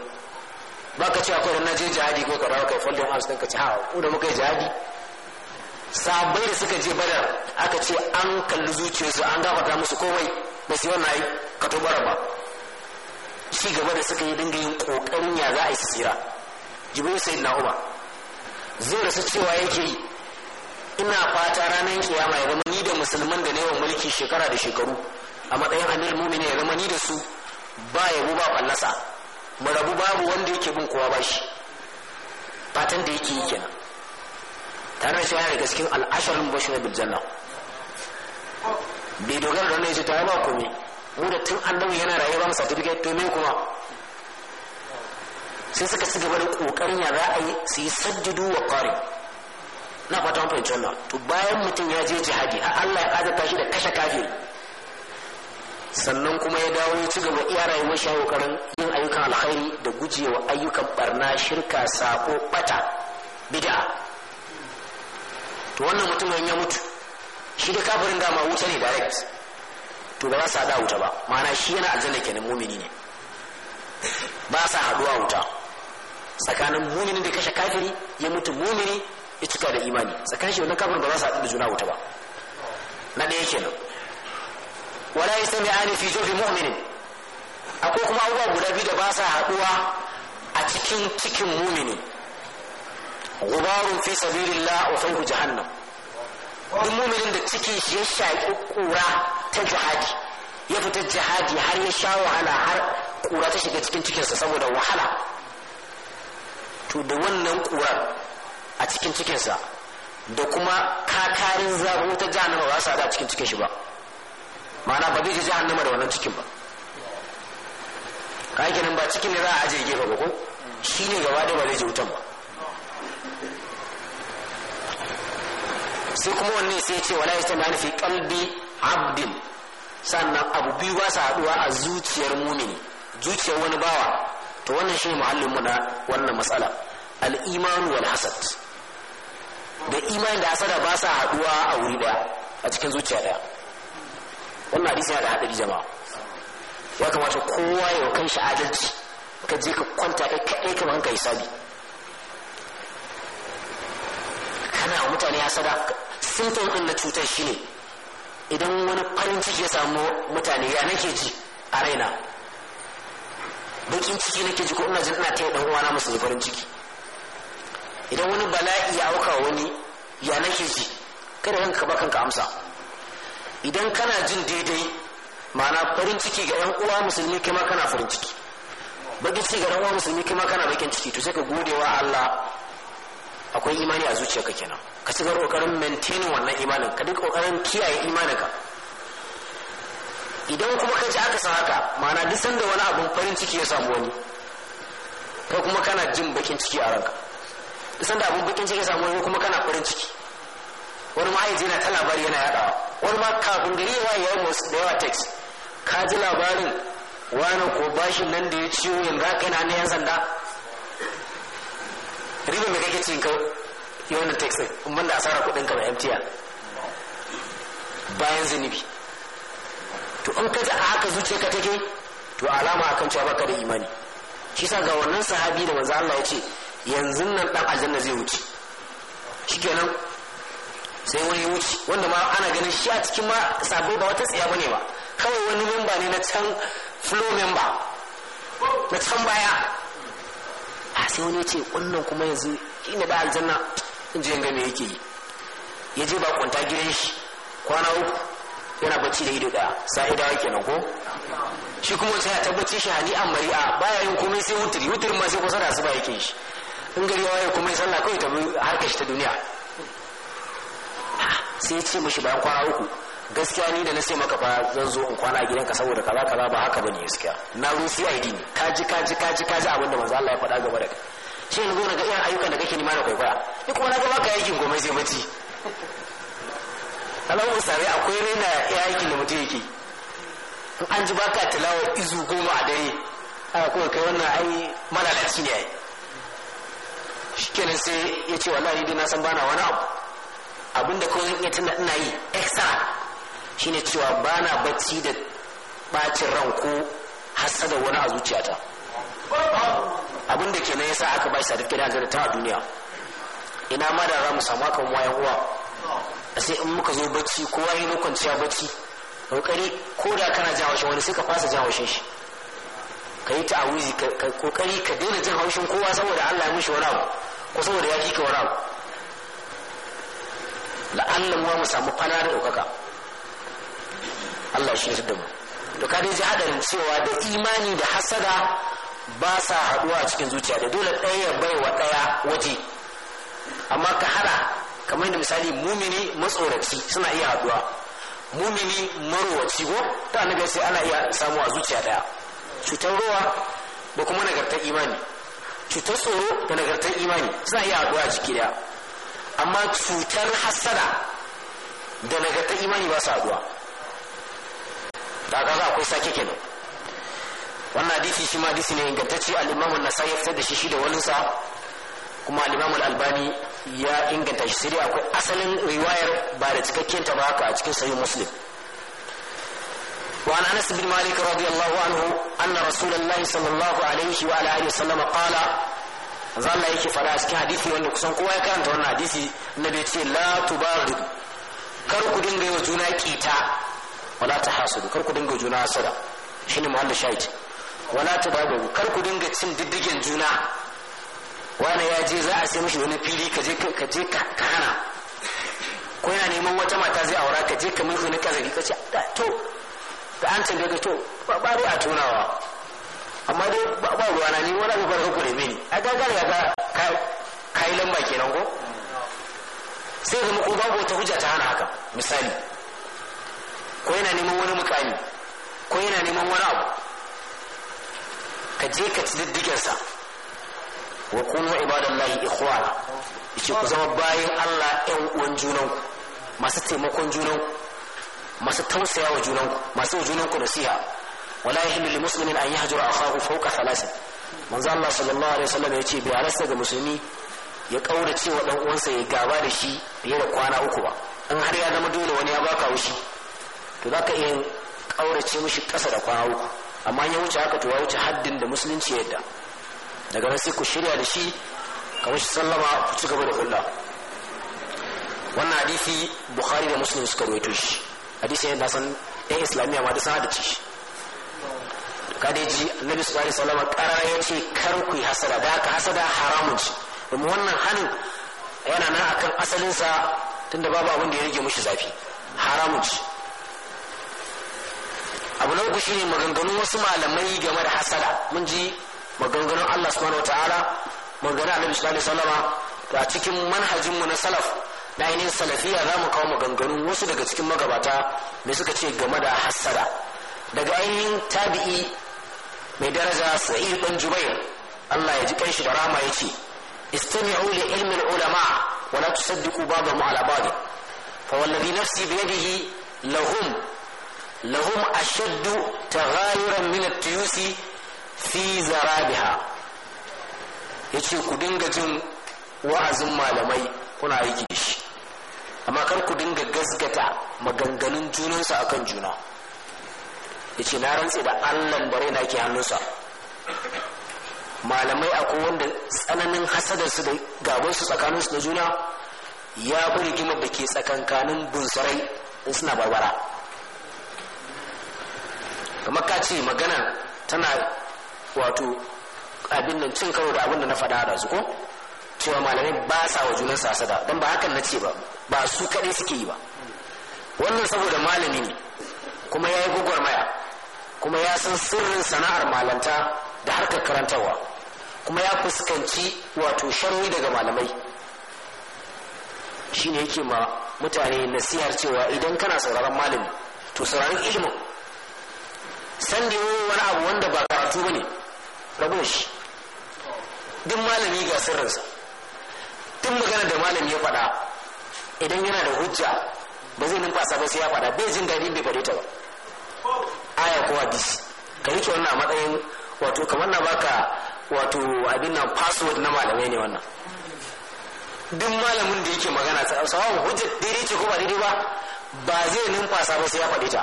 ba ka ce akwai na je jihadi ko ka dawo kai fallon house din ka ci ha ko da muka yi jihadi sabai da suka je badar aka ce an kalli zuciyarsu an gafarta musu komai ba su wannan yi ka to ba shi gaba da suka yi dinga yin kokarin ya za a yi sira jibril sai na uba zai rasu cewa yake yi ina fata ranar kiyama ya zama ni da musulman da yawan mulki shekara da shekaru a matsayin amir mumini ya zama ni da su ba yabo ba fallasa mu rabu babu wanda yake bin kowa bashi fatan da yake yi kenan yana shi ya daga cikin al'asharin bashi na biljanna bai dogara da wannan ya ta ba komai mu da tun annabi yana rayuwa masa certificate to me kuma sai suka ci gaba da kokarin ya za a yi su yi sajjidu wa ƙari na fatan fahimci wannan to bayan mutum ya je jihadi a Allah ya azata shi da kashe kafiri sannan kuma ya dawo ya ci gaba iya rayuwar shi kokarin yin ayyukan alkhairi da gujewa ayyukan barna shirka sako bata bid'a to wannan mutumin ya mutu shi da kafirin dama wuta ne direct to ba za su haɗa wuta ba ma'ana shi yana aljanna kenan mumini ne ba sa haɗuwa wuta tsakanin mumini da kashe kafiri ya mutu mumini ya cika da imani tsakanin shi wannan kafirin ba za su haɗu da juna wuta ba na ɗaya kenan wala ya sami ani fi jofi mu'minin akwai kuma abubuwa guda biyu da ba sa haɗuwa a cikin cikin mumini gubarun fi sabirin sabilillah wa fawhu jihannan. duk mu'minin da cikin shi ya sha ƙura ta jihadi ya fi ta jihadi har ya sha wahala har ƙura ta shiga cikin cikinsa saboda wahala to da wannan ƙurar a cikin cikinsa da kuma kakarin zafi wutar jahannama ba su a cikin cikin shi ba ma'ana ba zai ji jahannama da wannan cikin ba ka kenan ba cikin ne za a ajiye gefe ba ko shi ne gaba da ba zai ji wutan ba sai kuma wannan sai ce wala yastana fi qalbi abdin sannan abu biyu ba su haduwa a zuciyar mumini zuciyar wani bawa to wannan shi muhallin mu na wannan matsala al iman wal hasad da imani da hasada ba sa haduwa a wuri daya a cikin zuciya daya wannan hadisi yana da hadari jama'a ya kamata kowa ya kan shi adalci ka je ka kwanta kai kaɗai kamar ka hisabi kana mutane hasada symptom ɗin na cutar shine idan wani farin ciki ya samu mutane ya nake ji a raina bakin ciki nake ji ko ina jin ina taya dan uwana musu farin ciki idan wani bala'i ya auka wani ya nake ji kada yanka ba bakanka amsa idan kana jin daidai ma'ana farin ciki ga yan uwa musulmi kai ma kana farin ciki bakin ciki ga yan uwa musulmi kai ma kana bakin ciki to sai ka gode wa Allah akwai imani a zuciyarka kenan ka ci gaba kokarin maintain wannan imanin ka duk kokarin kiyaye imanin ka idan kuma ka ci aka san haka ma'ana duk sanda wani abun farin ciki ya samu wani kai kuma kana jin bakin ciki a ranka duk sanda abun bakin ciki ya samu wani kuma kana farin ciki wani ma aiki yana ta labari yana yadawa wani ma kafin gari yawa ya yi da yawa text ka ji labarin wani ko bashin nan da ya ciwo yanzu haka yana na yan sanda ribin da kake cikin kawai yi wannan tax umar da asara kudin ka na MTR bayan zunubi to in ka ji a haka zuciya ka take to alama akan cewa baka da imani shi sa ga wannan sahabi da manzo Allah ya ce yanzu nan dan aljanna zai wuce shikenan sai wani wuce wanda ma ana ganin shi a cikin ma sabo ba wata tsiya bane ba kawai wani memba ne na can flow member na can baya a ah, sai wani ya ce wannan kuma yanzu shi ne da aljanna in je gami yake yi ya je bakunta gidan shi kwana uku yana bacci da ido daya sa'ida wake na ko shi kuma sai a tabbaci shi hali an mari'a baya yin komai sai wutar wutar ma sai kusa da asuba yake shi in gari ya kuma ya sallah kawai ta bi harkar shi ta duniya sai ce mishi bayan kwana uku gaskiya ni da na sai maka ba zan zo in kwana a gidanka saboda kaza kaza ba haka bane gaskiya na ruci ID ne kaji kaji kaji kaji abinda manzo Allah ya faɗa gaba da kai sai na zo na ga irin ayyukan da kake nima na kwaikwaya ni kuma na ga baka yakin komai sai bacci alamun sare akwai raina yakin da mutum yake in an ji baka tilawa izu goma a dare a kuma kai wannan ai malalaci ne ai kenan sai ya ce wallahi dai na san bana wani abu abinda kawai zan iya tunda ina yi extra shine cewa bana bacci da bacin ran ko hasada wani a zuciyata abin da ya yasa aka ba shi da hazard ta duniya ina ma da za mu samu akan wayan uwa sai in muka zo bacci ko wani zo kwanciya bacci kokari ko da kana jin haushin wani sai ka fasa jin haushin shi ka yi ta'awuzi ka kokari ka daina jin haushin kowa saboda Allah ya mishi wani abu ko saboda ya ji ka wani abu la'allan mu mu samu fana da ɗaukaka Allah shi ya da mu to ka dai ji hadarin cewa da imani da hasada ba sa haɗuwa a cikin zuciya da dole ɗaya bai wa ɗaya waje amma ka hada kamar da misali mumini matsoraci suna iya haɗuwa mumini marowaci ko ta annabi sai ana iya samu a zuciya ɗaya cutar ruwa da kuma nagartar imani cutar tsoro da nagartar imani suna iya haɗuwa a jiki ɗaya amma cutar hassana da nagartar imani ba su haɗuwa da akwai sake kenan wannan hadisi shi ma hadisi ne ingantacce al-imamu nasai ya fitar da shi shi da waninsa kuma al-imamu al-albani ya inganta shi sai akwai asalin riwayar ba da cikakken ta ba haka a cikin sahih muslim وعن انس بن مالك رضي الله عنه ان رسول الله صلى الله عليه وعلى اله وسلم قال yake fara cikin hadisi wanda kusan kowa ya karanta wannan hadisi na bai ce la tubarid kar ku dinga yi wa juna kita wala ta hasudu kar ku dinga juna hasada shine muhammad shahid wala ta babu kar ku dinga cin diddigen juna wani ya je za a sai mishi wani fili ka je ka hana ko yana neman wata mata zai aura ka je ka mai wani kazari ka ce ah, to da an can daga to ba dai a tunawa amma dai ba ruwa na ni wani abu barka ku neme a gagara ya ga ka yi lamba kenan ko sai zama ko babu wata hujja ta hana haka misali ko yana neman wani mukami ko yana neman wani abu ka je ka ci diddigensa wa kunu ibadallahi ikhwana yace ku zama bayan Allah ƴan uwan junanku masu taimakon junanku masu tausaya wa junanku masu wa junanku nasiha wala yahillu lil muslimin an yahjura akahu fawqa thalathin manzo Allah sallallahu alaihi wasallam yace bi alasta ga musulmi ya kaura cewa dan uwansa ya gaba da shi fiye da kwana uku ba in har ya zama dole wani ya baka wushi to zaka iya kaurace mishi kasa da kwana uku amma ya wuce haka to ya wuce haddin da musulunci yadda daga nan sai ku shirya da shi ka shi sallama ku ci gaba da kulla wannan hadisi bukhari da musulun suka rawaito shi hadisi yana san ɗan islamiyya ma da sa da ci ji annabi sallallahu alaihi wasallam ya ce kar ku yi hasada da haka hasada haramun shi domin wannan hanin yana nan akan asalinsa tunda babu abin da ya rage mushi zafi haramun shi. abu na uku shine maganganun wasu malamai game da hasada mun ji maganganun Allah subhanahu wataala maganganun Annabi sallallahu alaihi wasallam a cikin manhajin mu na salaf na ainihin salafiya za mu kawo maganganun wasu daga cikin magabata me suka ce game da hasada daga ainihin tabi'i mai daraja sa'id dan jubair Allah ya ji kanshi da rahama yace istami'u li ilmi ulama wa la tusaddiqu ba'dahum ala ba'd fa wallazi nafsi bi yadihi lahum lahum ashaddu taghayuran min at-tuyusi fi zarabiha yace ku dinga jin wa'azin malamai kuna aiki da shi amma kar ku dinga gasgata maganganun junansu akan juna yace na rantse da Allah da raina ke hannunsa malamai akwai wanda tsananin hasadarsu da gabansu tsakaninsu da juna ya bi rigimar da ke tsakankanin bunsarai in suna barbara kamar ka ce magana tana wato abin nan cin karo da abin da na faɗa da su ko cewa malamai ba sa wa junan sasada don ba hakan na ce ba ba su kaɗai suke yi ba wannan saboda malami ne kuma ya yi gwagwarmaya kuma ya san sirrin sana'ar malanta da harkar karantarwa kuma ya fuskanci wato sharri daga malamai shine yake ma mutane nasihar cewa idan kana sauraron malami to sauraron ilimin san da yi wani abu wanda ba karatu ba ne rabu shi duk malami ga sirrinsa duk magana da malami ya faɗa idan yana da hujja ba zai numfasa ba sai ya faɗa bai jin daɗi bai faɗe ta ba aya ko hadisi ka rike wannan a matsayin wato kamar na baka wato abin nan password na malamai ne wannan duk malamin da yake magana sawa hujja daidai ce ko ba daidai ba ba zai numfasa ba sai ya faɗe ta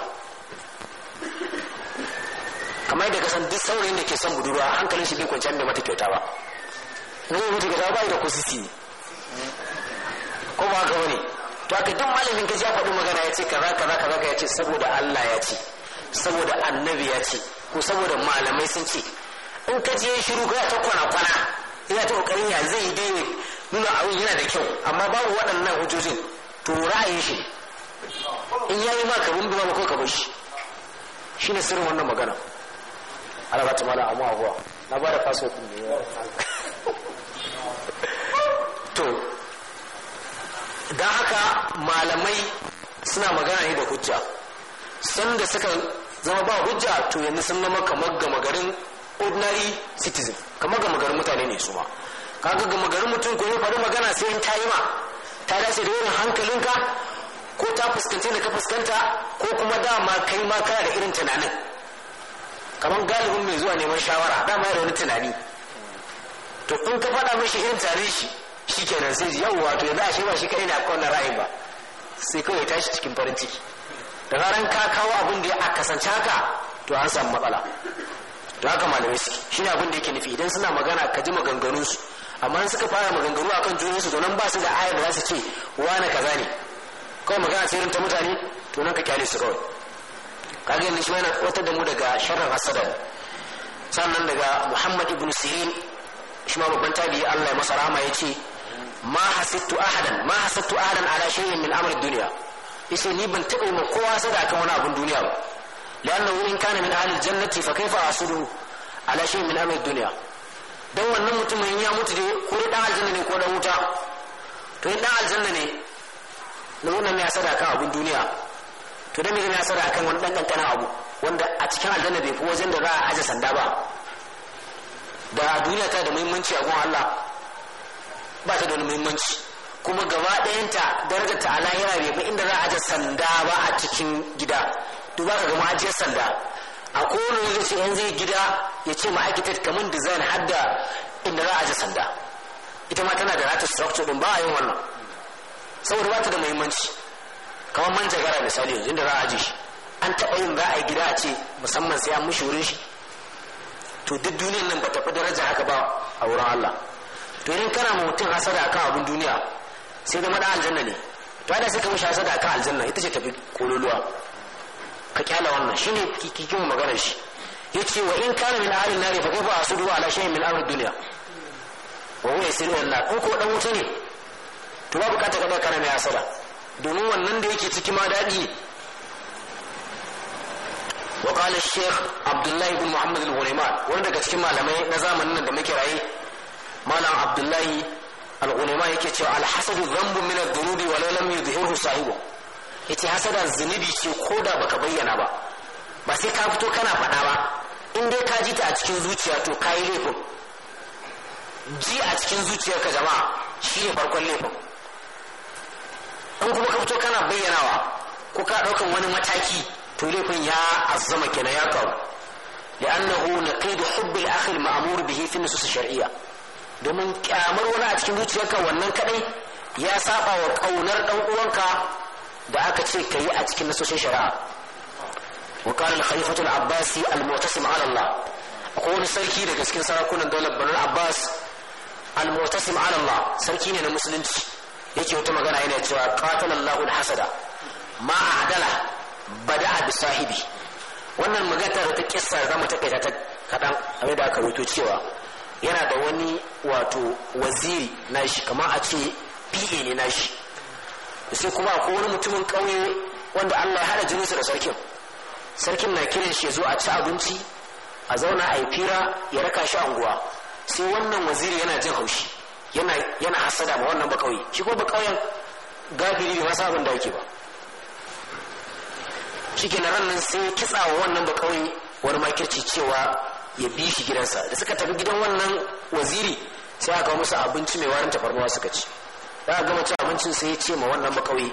kamar yadda kasan duk saurayin da ke son budurwa hankalin shi bai kwanciyar bai mata kyauta ba ne yi mata kyauta ba da kusisi ko ba ka wani to aka duk malamin ka ya faɗi magana ya ce kaza kaza kaza ka ya ce saboda Allah ya ce saboda annabi ya ce ko saboda malamai sun ce in ka je shiru ka ta kwana kwana ina ta kokarin ya zai daina nuna abin yana da kyau amma babu waɗannan hujjojin to ra'ayin shi in yayi ma ka bumbi ko ka bar shi ne sirrin wannan magana ana ba ta mala amu abuwa na ba da password ne to don haka malamai suna magana ne da hujja sun da suka zama ba hujja to yanzu sun zama kamar gama garin ordinary citizen kamar gama garin mutane ne su ma kaga gama garin mutum ko ya faru magana sai in ta yi ma ta dace da yawan hankalinka ko ta fuskanci da ka fuskanta ko kuma dama kai ma kana da irin tunanin kamar galibin mai zuwa neman shawara dama da wani tunani to in ka faɗa mishi irin tare shi shi kenan sai yau wato yanzu a shi ba shi kai na kawai ra'ayin ba sai kawai tashi cikin farin ciki da zaran ka kawo abin da ya kasance haka to an samu matsala to haka malamai suke shi ne abin da yake nufi idan suna magana ka ji su amma in suka fara maganganu akan junansu to nan ba su da ayar da za su ce wane kaza ne kawai magana sai irin ta mutane to nan ka kyale su kawai kaga yanzu shi yana wata da mu daga sharrin hasada sannan daga muhammad ibn sirin shi ma babban tabi Allah ya masa rahama yace ma hasittu ahadan ma hasittu ahadan ala shay'in min amri dunya yace ni ban taɓa yi kowa sada kan wani abun duniya ba لأنه إن كان من أهل الجنة فكيف أصله على شيء min أمر duniya don wannan mutumin ya mutu dai ko da dan aljanna ne ko da wuta to in dan aljanna ne na wannan ne ya kan abun duniya to dan yana sarra akan wani dan kankana abu wanda a cikin aljanna bai fi wajen da za a aje sanda ba da duniya ta da muhimmanci a gun Allah ba ta da wani muhimmanci kuma gaba ɗayanta darajar ta ala yana bai fi inda za a aje sanda ba a cikin gida to ba ka ga ma'ajiyar sanda a kowane wanda ce yanzu gida ya ce ma'aikatar kamar design har da inda za a aje sanda ita ma tana da rata structure din ba a yin wannan saboda ba ta da muhimmanci kamar manjagara misali yanzu inda za a shi an taɓa yin za a yi gida a ce musamman sai an mushi wurin shi to duk duniyan nan ba ta fi daraja haka ba a wurin Allah to idan kana ma mutum hasada akan abin duniya sai zama ɗan aljanna ne to ana sai ka mushi hasada akan aljanna ita ce tafi kololuwa ka kyala wannan shi ne kikin maganar shi ce wa in kana min ahlin nari fa kaifa asudu ala shay'in min amri duniya wa huwa yasiru an ko ko dan wuta ne to ba bukata ka kana mai hasada domin wannan da yake ciki ma daɗi wa qala sheikh abdullahi bin muhammad al-ghulaiman wani daga cikin malamai na zamanin da muke raye malam abdullahi al-ghulaiman yake cewa al-hasadu dhanbun min adh-dhunubi wa lam yudhhirhu sahibu yace hasada zunubi ce koda baka bayyana ba ba sai ka fito kana faɗa ba in dai ka ji ta a cikin zuciya to ka yi laifin ji a cikin zuciyarka jama'a shi ne farkon laifin in kuma ka fito kana bayyanawa ko ka ɗaukan wani mataki to laifin ya azzama kenan ya kawo li'annahu naqidu hubbil akhil ma'mur bihi fi nusus shar'iyya domin kyamar wani a cikin zuciyarka wannan kadai ya saba wa kaunar dan uwanka da aka ce yi a cikin nasoshin shari'a wa qala al-khalifatu al-abbasi al-mu'tasim 'ala Allah akwai wani sarki daga cikin sarakunan daular banar Abbas al-mu'tasim 'ala Allah sarki ne na musulunci yake wata magana yana cewa al hasada ma ahdala bada'a bi sahibi wannan da ta kissa za mu takaita ta kadan abin da aka rubuto cewa yana da wani wato waziri nashi kamar a ce PA ne nashi sai kuma akwai wani mutumin kauye wanda Allah ya hada jinsu da sarkin sarkin na kiran shi ya zo a ci abinci a zauna a yi fira ya raka shi unguwa sai wannan waziri yana jin haushi yana yana hasada ma wannan bakauye shi ko bakauyen gabiri ba masa abin da yake ba shi ke ran nan sai kitsa wa wannan bakauye wani makirci cewa ya bi shi gidansa da suka tafi gidan wannan waziri sai aka musu abinci mai warin tafarnuwa suka ci da aka gama ci abincin sai ya ce ma wannan bakauye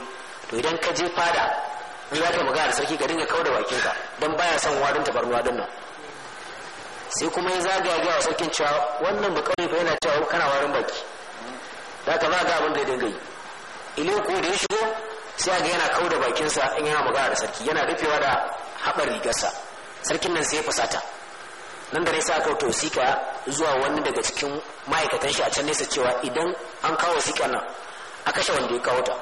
to idan ka je fada in za ka magana da sarki ka dinga kawo da bakinka don baya son warin tafarnuwa din nan sai kuma ya zagaya ga sarkin cewa wannan ba kawai fa yana cewa kana warin baki za ka ga abin da ya dinga yi ile ko da ya shigo sai ga yana kawo da bakinsa in yana magana da sarki yana rufewa da haɓar rigarsa sarkin nan sai ya fusata nan da sai aka to sika zuwa wani daga cikin ma'aikatan shi a can nesa cewa idan an kawo sika nan a kashe wanda ya kawo ta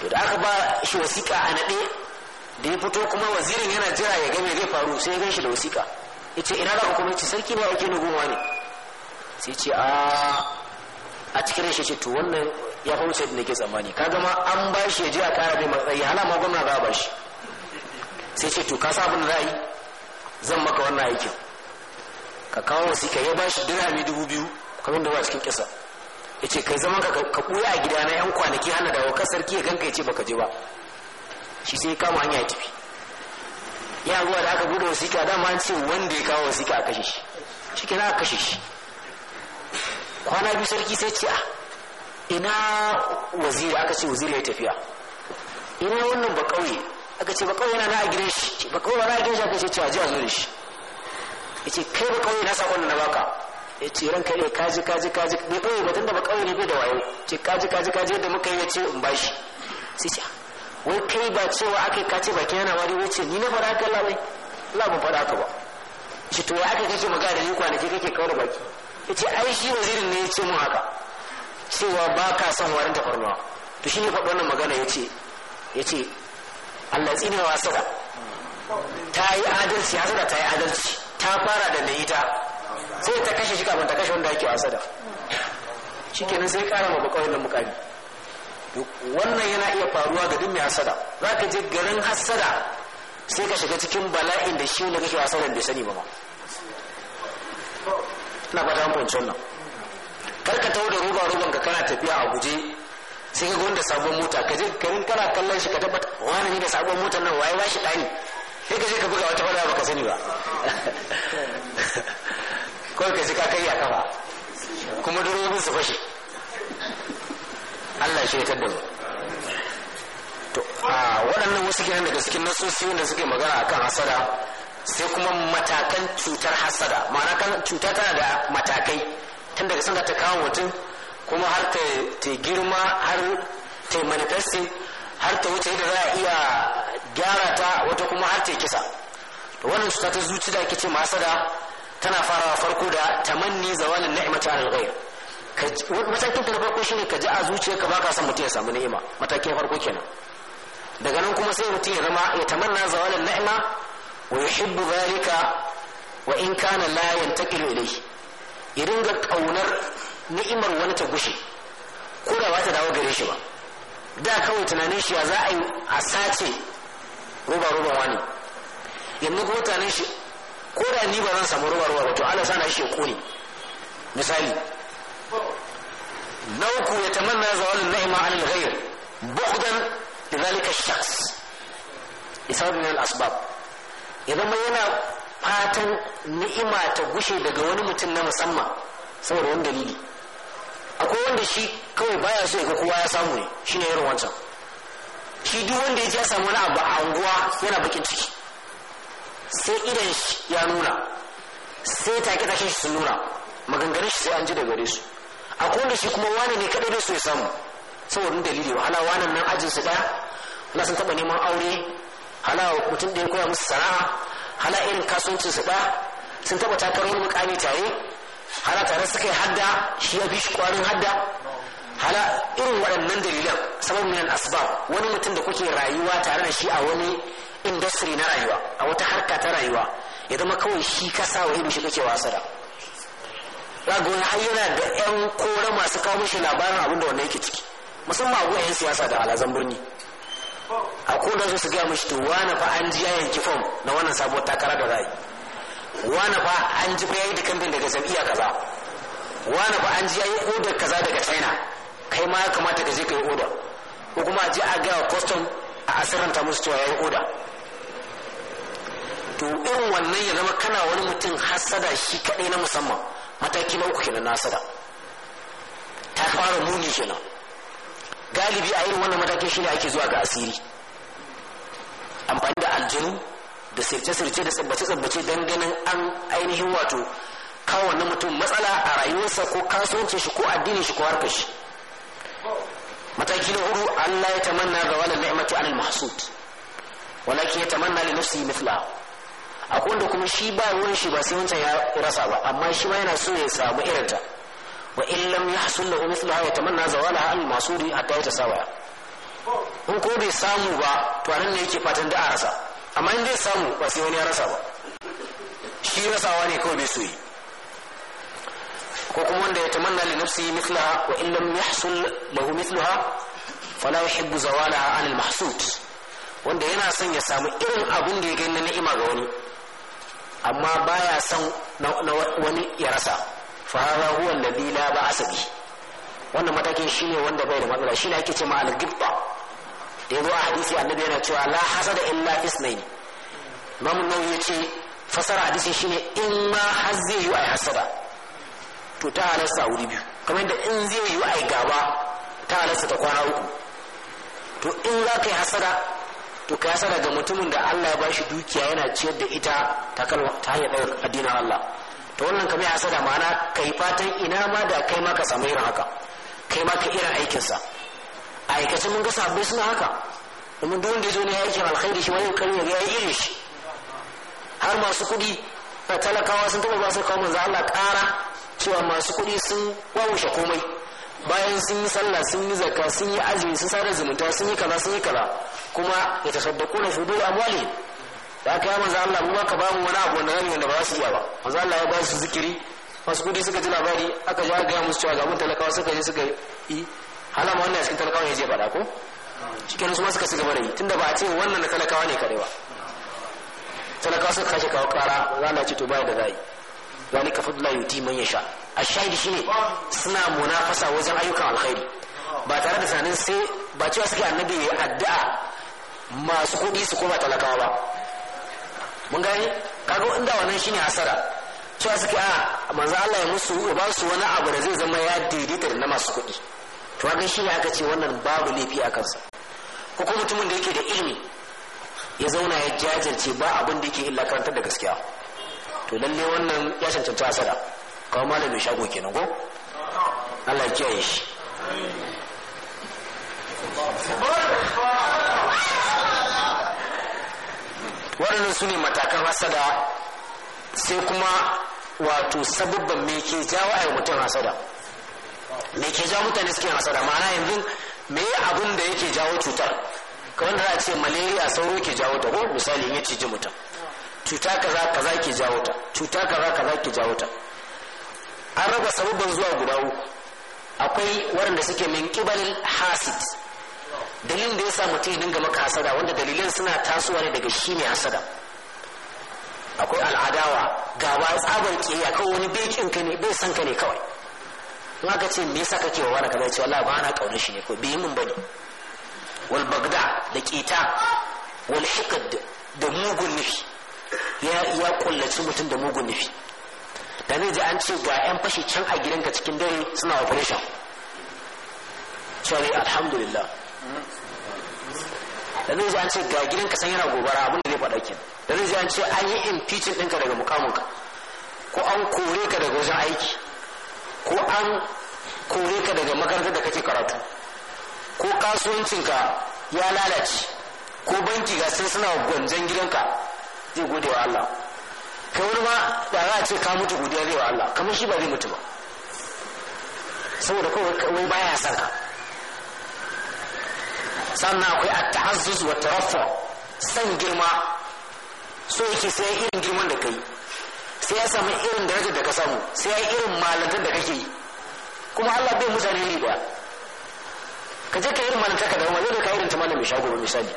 to da aka ba shi wasiƙa a naɗe da ya fito kuma wazirin yana jira ya game zai faru sai ya gan shi da wasiƙa ya ce ina za ka kuma ce sarki ne ake nugunwa ne sai ce a a cikin rashin ce to wannan ya fi wuce da ke tsammani ka gama an ba shi ya ji a ƙara mai matsayi hala ma gwamna za a ba shi sai ce to ka sa abin ra'ayi zan maka wannan aikin ka kawo wasiƙa ya ba shi dirhami dubu biyu kamar da ba cikin kisa ya ce kai zaman ka ɓuya a gida na yan kwanaki hana dawo ka sarki ya ganka ya ce baka je ba shi sai kama hanya ya tafi ya zuwa da aka buɗe wasiƙa dama an ce wanda ya kawo wasiƙa a kashe shi shi ke aka kashe shi kwana biyu sarki sai ce a ah, ina waziri aka ce waziri ya tafiya ina wannan ba ƙauye aka ce ba ƙauye na a gidan shi ba ƙauye na a gidan shi aka ce cewa jiya a zo da shi ya ce kai ba ƙauye na saƙon na baka ya ce kai ne kaji kaji kaji bai ƙauye ba tunda ba ƙauye ne bai da wayo ce kaji kaji kaji yadda muka yi ya ce in bashi sai ce ah, wai kai ba cewa aka kace baki yana wari wuce ni na fara haka lalai bai Allah ban fara haka ba shi to aka kace magana da ni kwanaki kake kaura baki yace ai shi wazirin ne yace mun haka cewa ba ka son warin tafarnuwa to shi ne faɗi wannan magana yace yace Allah tsina wa sada ta yi adalci hasada ta yi adalci ta fara da mai ita sai ta kashe shi kafin ta kashe wanda ake shi kenan sai kara ma bakawai na mukami wannan yana iya faruwa ga duk mai hasada za ka je garin hasada sai ka shiga cikin bala'in da shi ne kake hasada bai sani ba ma ina fata mun kwanci wannan kar ka tawo da roba roban ka kana tafiya a guje sai ka gwanda sabon mota ka je garin kana kallon shi ka tabbata wani ne da sabon motar nan waye ba shi ɗani sai ka je ka buga wata ba ka sani ba kawai ka je ka kai a kafa kuma durobin su fashe Allah shi ya da mu to a waɗannan wasu kenan daga cikin nasosi wanda suke magana kan hasada sai kuma matakan cutar hasada ma'ana kan cuta tana da matakai tun daga sun ta kawo mutum kuma har ta girma har ta manifesti har ta wuce da za a iya gyara ta wata kuma har ta kisa to wannan cuta ta zuci da ake ce hasada tana farawa farko da tamanni zawalin ni'mata al-ghayr matakin ta na farko shine ka ji a zuciya ka baka son mutum ya samu ni'ima matakin farko kenan daga nan kuma sai mutum ya zama ya tamanna zawalan ni'ima wa yuhibbu zalika wa in kana la yantakilu ilayhi ya dinga kaunar ni'imar wani ta gushe ko da ba ta dawo gare shi ba da kawai tunanin shi ya za a yi a sace roba roba wani yanzu ko mutanen shi ko da ni ba zan samu roba roba ba to Allah sana shi ya kone misali Na ذوق يتمنى زوال النعمة عن الغير بغضا لذلك الشخص لسبب من الأسباب إذا ما yana fatan ni'ima ta gushe daga wani mutum na musamman saboda wani dalili akwai wanda shi kawai baya so ga kowa ya samu ne shi ne irin wancan shi duk wanda ya ji samu wani abu a unguwa yana bakin ciki sai idan ya nuna sai take tashin shi su nuna maganganun shi sai an ji da gare su A wanda shi kuma wane ne kadai su ya samu saboda dalili wahala wanan nan ajin su daya na sun taba neman aure hala mutum da ya koya musu sana'a hala irin kasuwancin su daya sun taba takar wani mukami tare hala tare suka yi hadda shi ya fi shi kwarin hadda hala irin waɗannan dalilan sabon minan asbab wani mutum da kuke rayuwa tare da shi a wani industry na rayuwa a wata harka ta rayuwa ya zama kawai shi kasa wa irin shi kake wasa da zaga wani har yana da yan kora masu kawo shi labarin abin da wanda yake ciki musamman a yan siyasa da alazan birni a kodan su su gaya mashi to wani fa an ji ya kifon fom na wannan sabuwar takara da rai wani fa an ji bayan da kamfin daga jam'iyya kaza wani fa an ji yayin odar kaza daga china kai ma ya kamata ka je ka yi odar ko kuma a je a gaya kwastam a asiranta musu cewa yi odar to irin wannan ya zama kana wani mutum hasada shi kaɗai na musamman mataki na uku kenan nasara ta fara muni kenan galibi a irin wannan matakin shi ne ake zuwa ga asiri amfani da aljanu da sirce-sirce da tsabbace-tsabbace don ganin an ainihin wato kawo wannan mutum matsala a rayuwarsa ko kasuwancin shi ko addinin shi ko harkar shi mataki na hudu Allah ya tamanna ga wani ni'mati anil mahsud walakin ya tamanna li nafsi mithla akwai wanda kuma shi ba ruwan shi ba sai wancan ya rasa ba amma shi ma yana so ya samu irinta wa in lam yahsul lahu mithluha yatamanna zawalaha al masuri hatta yatasawaya in ko bai samu ba to anan ne yake fatan da a rasa amma in zai samu ba sai wani ya rasa ba shi rasawa ne kawai bai so yi ko kuma wanda tamanna li nafsihi mithlaha wa illam yahsul lahu mithlaha fala yuhibbu zawalaha an al mahsud wanda yana son ya samu irin abin da ya gani na ni'ima ga wani amma baya son na wani ya rasa fara huwan da bila ba ba'sa bi wannan matakin shine wanda bai da matsala shi ne ake ce al gifta da zo a hadisi annabi yana cewa la hasada illa isnayn imam nawawi ce fasara hadisi shine in ma har hazzi yu ay hasada to ta halasta wuri biyu kamar yadda in zai yu ay gaba ta halasta ta kwana uku to in za ka yi hasada to ka sa daga mutumin da Allah ya bashi dukiya yana ciyar da ita ta hanyar ɗaukar addinin Allah to wannan kamar ya sada ma'ana kai fatan ina ma da kai ma ka samu irin haka kai ma ka irin aikinsa a aikace mun ga sabbai suna haka domin duk wanda ya zo ne aikin alkhairi shi wani kan ya ga ya irin shi har masu kuɗi na talakawa sun taɓa ba su kawo manzo Allah ƙara cewa masu kuɗi sun wawushe komai bayan sun yi sallah sun yi zakka sun yi azumi sun sada zumunta sun yi kaza sun yi kaza kuma ya tasadda na shudu amwalihim da aka yi manzo Allah mu ka babu wani abu wanda zamu wanda ba su iya ba manzo Allah ya ba su zikiri masu kudi suka ji labari aka ja ga musu cewa ga mun talakawa suka je suka yi halama wannan cikin talakawa ya je fada ko cikin su ma suka ci gaba da yi tunda ba a ce wannan na talakawa ne kadai ba talakawa suka kashe kawo kara za a ce to baya da zai zalika yi yuti man yasha ashahidi shine suna munafasa wajen ayyukan alkhairi ba tare da sanin sai ba cewa suke annabi ya addu'a masu kuɗi su kuma talakawa ba mun gani kaga inda wannan shine hasara cewa suke a ah, manzo Allah ya musu ba su wani abu da zai zama ya daidaita da masu kuɗi to wannan shine aka ce wannan babu laifi a kansa ko kuma mutumin da yake da ilimi ya zauna ya jajirce ba abin da yake illa karantar da gaskiya to lalle wannan ya cancanta hasara kawai malamin shago kenan ko Allah ya kiyaye shi waɗannan su ne matakan hasada sai kuma wato sabubban me ke jawo a mutum hasada me ke jawo mutane suke hasada ma'ana yanzu me abin da yake jawo cutar kamar da za a ce malaria sauro ke jawo ta ko misali ya ci ji mutum cuta kaza kaza ke jawo ta cuta kaza kaza ke jawo ta an raba sabubban zuwa guda uku akwai waɗanda suke min kibalin hasid dalilin da ya sa mutum dinga maka hasada wanda dalilin suna tasowa ne daga shi ne hasada akwai al'adawa gaba tsabar kiyaya kawai wani bai ka ne bai san ka ne kawai in aka ce me yasa kake wa wani kaza ce wallahi ana kaunar shi ne ko bai mun bane wal bagda da kita wal hiqd da mugun nufi ya ya kullaci mutum da mugun nufi da zai ji an ce ga yan fashi can a gidanka cikin dare suna operation shari'a alhamdulillah da zai an ce ga gidan ka san yana gobara abin da zai faɗa ke da zai an ce an yi impeachment ɗinka daga mukaminka ko an kore ka daga wajen aiki ko an kore ka daga makarantar da kake karatu ko kasuwancinka ya lalace ko banki ga sai suna gwanjan gidanka zai gode wa Allah kai wani ma da za a ce ka mutu godiya zai wa Allah kamar shi ba zai mutu ba saboda kawai baya son ka sannan akwai a taazzuz wa tarafa san girma so yake sai irin girman da kai sai ya samu irin darajar da ka samu sai ya irin malantar da kake yi kuma Allah bai mutane ne da ka je ka irin malantar ka da wani zai ka irin ta malam mai shago ba misali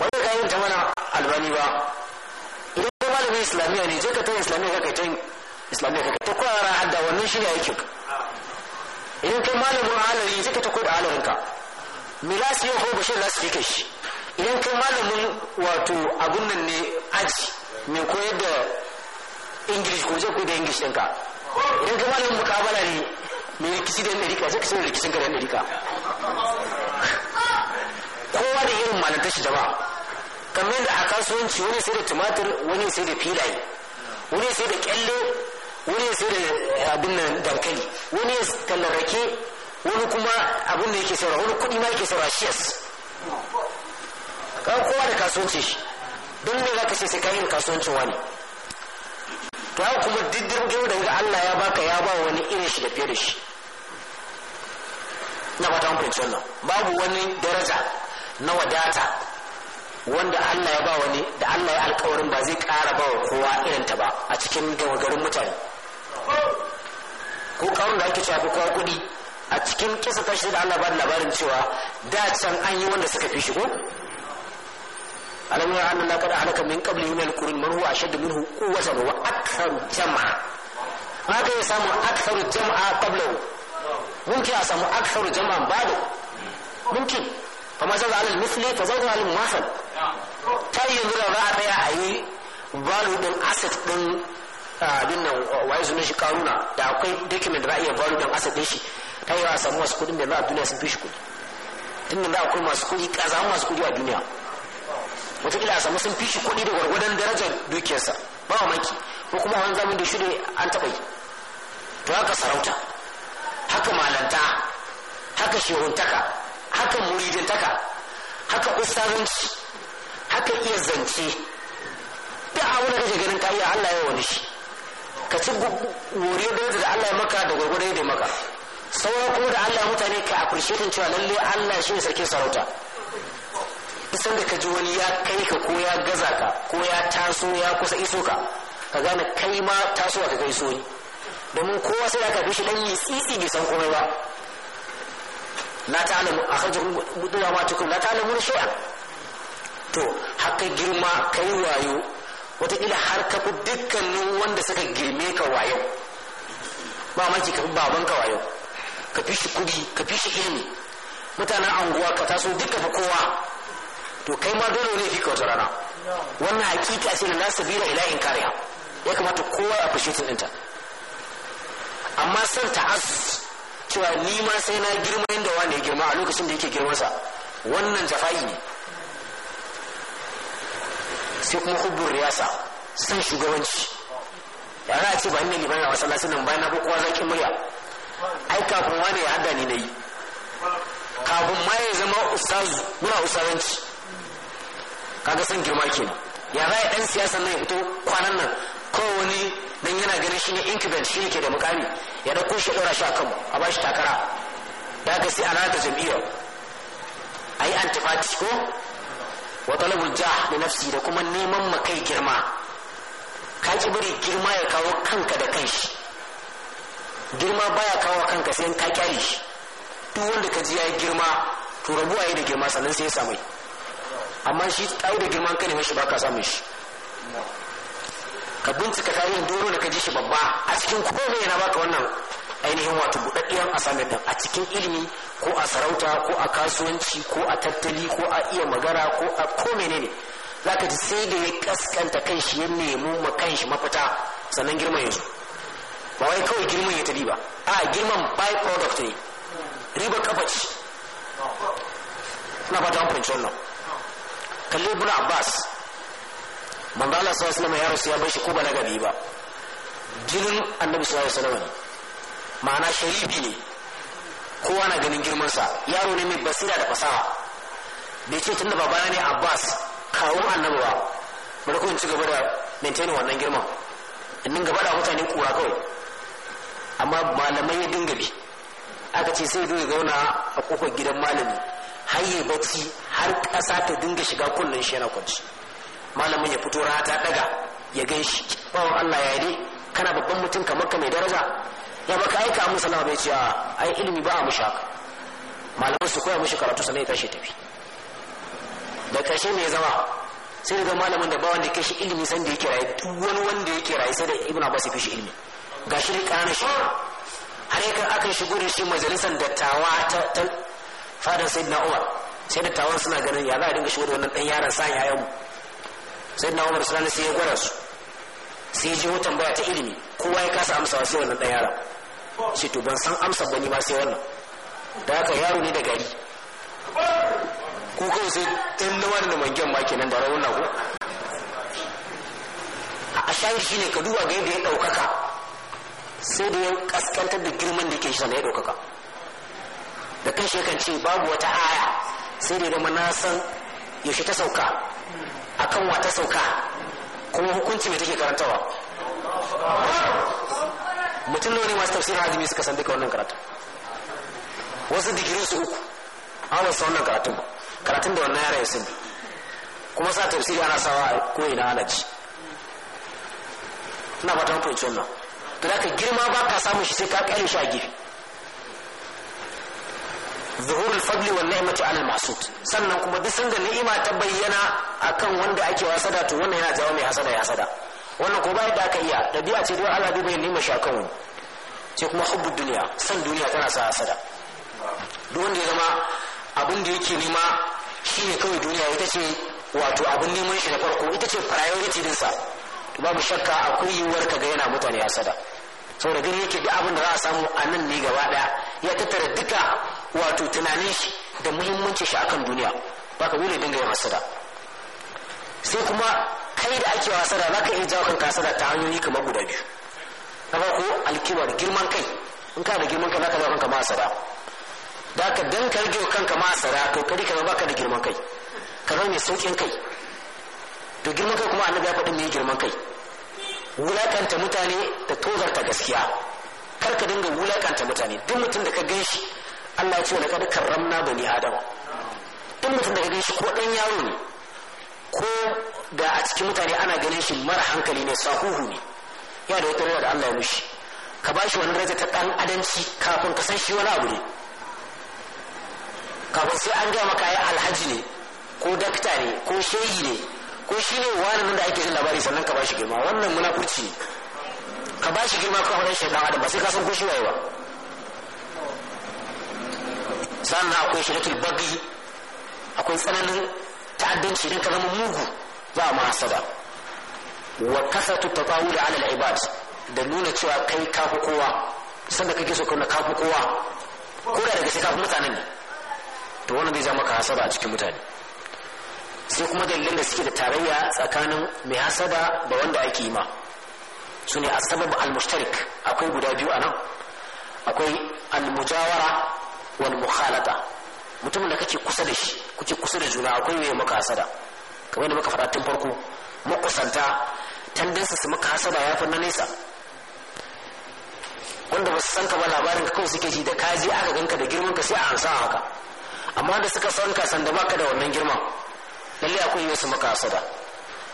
wani ka irin ta mana albani ba idan ka malamin islamiyya ne je ka ta islamiyya ka kai islamiyya ka ta koyara da wannan shirya yake idan kai malamin alari je ka ta koyar ka. me za su yi ko bashin za su yi shi idan kai malamin wato abun nan ne aji mai koyar da english ko zai koyar da english ɗinka idan kai malamin mukabala ne mai rikici da yan rika zai kasance rikicin ka da yan kowa da irin malanta shi jama'a kamar da a kasuwanci wani sai da tumatir wani sai da filaye wani sai da kyalle wani sai da eh, abin nan dankali wani da rake wani kuma abin da yake saura wani kuɗi ma yake saura shares kan kowa da kasuwanci shi don za ka ce sai ka yin kasuwancin wani to haka kuma diddirgin da ga Allah ya baka ya ba wani irin shi da fiye da shi na fata mun fahimci nan babu wani daraja na wadata wanda Allah ya ba wani da Allah ya alkawarin ba zai ƙara ba wa kowa irin ta ba a cikin gawagarin mutane ko kawon da ake cewa kowa kuɗi a cikin kisa ta shi da Allah ba labarin cewa da can an yi wanda suka fi shigo alamu ya anna la kada halaka min qabli min al a man huwa ashaddu wasa ba wa jama'a jam'a ka yi samun aktharu jama'a qablahu mumkin a samu aktharu jam'a ba'da mumkin alal زاد على المثل alal mafal Ta yi zura ba a ɗaya a yi balu ɗin asset din abin nan waye sunan shi karuna da akwai da ba a iya balu din asset din shi ta wuri a samu masu kudin da za a duniya sun fi shi kudi tun da akwai masu kudi a samu masu kudi a duniya wataƙila a samu sun fi shi kudi da gwargwadon darajar dukiyarsa ba wa maki ko kuma wani zamin da shine an taɓa yi to haka sarauta haka malanta haka shehuntaka haka muridantaka haka ustazanci haka iya zance duk wani da kake ganin ka iya Allah ya wani shi ka ci wuri da yadda Allah ya maka da gwargwadon da maka sauran kuma da Allah mutane ka appreciating cewa lalle Allah shi ne sarkin sarauta isan da ka ji wani ya kai ka ko ya gaza ka ko ya taso ya kusa iso ka ka gane kai ma tasowa ka kai so ni domin kowa sai ka fi shi dan yi tsitsi bai san komai ba la ta'lamu akhrajakum budura ma tukum alamu ta'lamu shi'a to haka girma kai wayo watakila har ka fi dukkanin wanda suka girme ka wayo ba maki ka fi babanka wayo ka fi shi kudi ka fi shi ilimi mutanen anguwa ka taso duka fi kowa to kai ma dole ne fika wata rana wannan hakika ce na sabila ila in kariya ya kamata kowa a tun dinta. amma san ta'azzuz cewa ni ma sai na girma inda wanda ya girma a lokacin da yake girmansa wannan jafa'i ne sai kuma hubbun riyasa san shugabanci yana ce ba inda limanin a masallacin nan bayan na kowa zaƙin murya ai kafin wane ya hada ni na yi kafin ma ya zama ustazu muna ustazanci kaga san girma ke. ya za ya dan siyasa nan ya fito kwanan nan kowane dan yana ganin shi ne incubant shi ke da mukami ya dauko shi dora shi a bashi takara da ga sai a rata jam'iyyar ai antifati ko wa talabul jah da nafsi da kuma neman makai girma ka ki bari girma ya kawo kanka da kanshi girma baya kawo kanka sai ka kyale shi duk wanda ka ji ya girma to rabuwa yi da girma sannan sai ya samu amma shi tsayi da girman ka ne mashi baka samu shi ka bincika tarihin doro da ka ji shi babba a cikin komai yana baka wannan ainihin wato buɗaɗɗiyar asamin a cikin ilimi ko a sarauta ko a kasuwanci ko a tattali ko a iya magana ko a ko menene zaka ji sai da ya kaskanta kan shi ya nemo ma kan shi mafita sannan girma ya zo ba wai kawai girman ya ta riba a girman by product ne riba kafa ce na fata fahimci wannan kalli ibn abbas manzo Allah sallallahu alaihi wasallam ya rasu ya bar shi ko ba na gabi ba jinin annabi sallallahu alaihi wasallam ne ma'ana sharifi ne kowa na ganin girman sa yaro ne mai basira da fasaha bai ce tunda babana ne abbas kawun annabi ba bari ku ci gaba da maintain wannan girman in gaba da mutane kura kawai amma malamai ya dinga bi aka ce sai zai zauna a kofar gidan malami har yi bacci har ƙasa ta dinga shiga kullun shi yana kwanci malamin ya fito rana ta daga ya gan shi bawan Allah ya ne kana babban mutum kamar ka mai daraja ya baka aika a musu bai ce a ilimi ba a mushi haka malamin su koya mushi karatu sannan ya tashi tafi da ƙarshe mai zama sai daga malamin da ba wanda ya shi ilimi sanda ya kiraye duk wani wanda ya raye sai da ibn abbas ya fi shi ilimi ga shi ƙana shi har yakan aka shigo da shi majalisar dattawa ta fadar sai na uwa sai dattawan suna ganin ya za a dinga shigo da wannan dan yaran sa yayan mu sai na umar suna sai ya gwada su sai ya ji wutan baya ta ilimi kowa ya kasa amsa sai wannan dan yaran shi to ban san amsa ba ni ba sai wannan da haka yaro ne da gari ko kawai sai ɗan na wani da mangen ma kenan da rawun na ko a shayar shi ne ka duba ga yadda ya ɗaukaka sai da ya kaskantar da girman da ke shi sannan ya ɗaukaka da kan shi kan ce babu wata aya sai da zama na san yaushe ta sauka akan wa ta sauka kuma hukunci mai take karantawa mutum da wani masu tafsirin azumi suka san duka wannan karatu wasu digirin su uku an wasu wannan karatun karatun da wannan yara ya sun kuma sa tafsiri ana sawa ko ina ana na ina fatan fahimci wannan to da ka girma ba ka samun shi sai ka kare shi a gefe zuhurul fadli wal ni'mati alal masud sannan kuma duk sanda ni'ima ta bayyana akan wanda ake wasada to wannan yana jawo mai hasada ya hasada wannan ko bai da aka iya biya ce dai Allah bai bayyana ni'ima shakan wani sai kuma hubbu duniya san duniya tana sa hasada duk wanda ya zama abin da yake shi shine kawai duniya ita ce wato abin neman shi na farko ita ce priority din sa babu shakka akwai yiwuwar ka ga yana mutane hasada saboda gani yake da abin da za a samu a nan ne gaba daya ya tattara duka wato tunanin shi da muhimmancin shi akan duniya ba ka dole dinga yin hasada sai kuma kai da ake hasada za ka iya jawo kanka hasada ta hanyoyi kamar guda biyu na farko alkibar girman kai in ka da girman kai za ka jawo kanka ma da ka dan ka rage kanka ma hasada ba ka baka da girman kai ka zama mai sauƙin kai to girman kai kuma annabi ya faɗi mai girman kai wulakanta mutane da tozarta gaskiya karka dinga wulakanta mutane duk mutum da ka gan shi Allah ya ce wani kada karramna bani adam duk mutum da ka gan shi ko ɗan yaro ne ko da a cikin mutane ana ganin shi mara hankali ne sahuhu ne yana da wata da Allah ya mushi ka ba shi wani daraja ta ɗan adamci kafin ka san shi wani abu ne kafin sai an gaya maka ya alhaji ne ko dakta ne ko shehi ne ko shi ne wani nan da ake jin labari sannan ka ba shi girma wannan muna kurci ka ba shi girma kawai shi shaidan adam ba sai ka san ko shi waye ba sannan akwai shirkul bagi akwai tsananin ta'addanci don ka zama mugu za ma hasada wa kasatu tatawul ala al-ibad da nuna cewa kai fi kowa sanda kake so kana fi kowa ko da daga sai fi mutanen ne to wannan zai zama ka hasada a cikin mutane sai kuma dalilan da suke da tarayya tsakanin mai hasada da wanda ake yi ma su ne asabab al-mushtarik akwai guda biyu a nan akwai al-mujawara wal mukhalata mutumin da kake kusa da shi kuke kusa da juna akwai mai maka hasada kamar da muka faɗa tun farko makusanta tandansa su maka hasada ya fi na nesa wanda ba su san ka ba labarin ka kawai suke ji da kaji aka ganka da girman ka sai a ansa haka amma da suka san ka san baka da wannan girman lalle akwai wasu makasada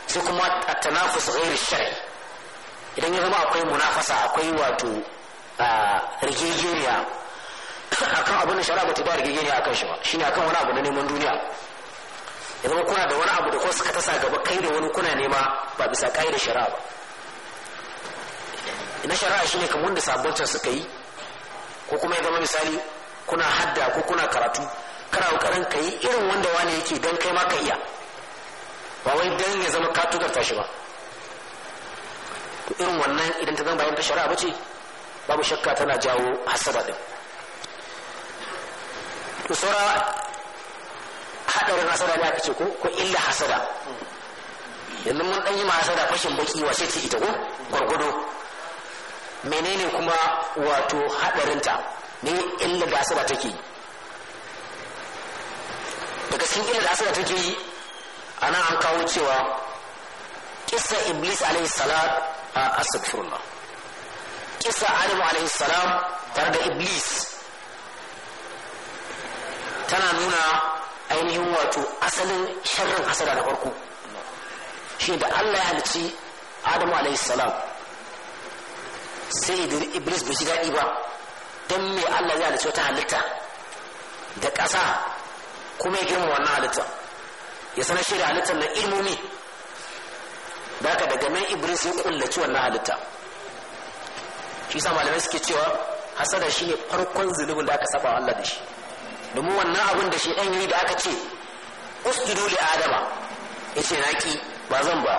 sai kuma a tanafus ghairu shar'i idan ya zama akwai munafasa akwai wato rigegeniya akan abin da shari'a bata ba rigegeniya akan shi ba shine akan wani abu na neman duniya ya zama kuna da wani abu da kuma suka tasa gaba kai da wani kuna nema ba bisa da shari'a ba na shari'a shine kamar da sabbanta suka yi ko kuma ya zama misali kuna hadda ko kuna karatu kana kokarin ka yi irin wanda wani yake don kai ma ka iya ba wai don ya zama ka tukarta shi ba to irin wannan idan ta zama bayan ta shari'a bace babu shakka tana jawo hasada din to saura hadarin hasada ne aka ce ko ko illa hasada yanzu mun dan yi ma hasada fashin baki wace ce ita ko gwargwado menene kuma wato hadarinta ne illa da hasada take yi daga cikin illa da hasada take yi a nan an kawo cewa kisa iblis alaihi salam a astaghfirullah kisa Adamu alaihi salam tare da iblis tana nuna ainihin wato asalin sharrin hasada da farko shi da Allah ya halici Adamu alaihi salam sai Iblis bai shiga daɗi ba don me Allah ya halici wata halitta da ƙasa kuma ya girma wannan halittar ya sanar shi da halittar na ilmomi da ka daga nan iblis ya kullaci wannan halitta shi sa malamai suke cewa hasada shi ne farkon zunubin da aka saba Allah da shi domin wannan abin da shi ɗan yi da aka ce usjudu li adama ya ce naki ba zan ba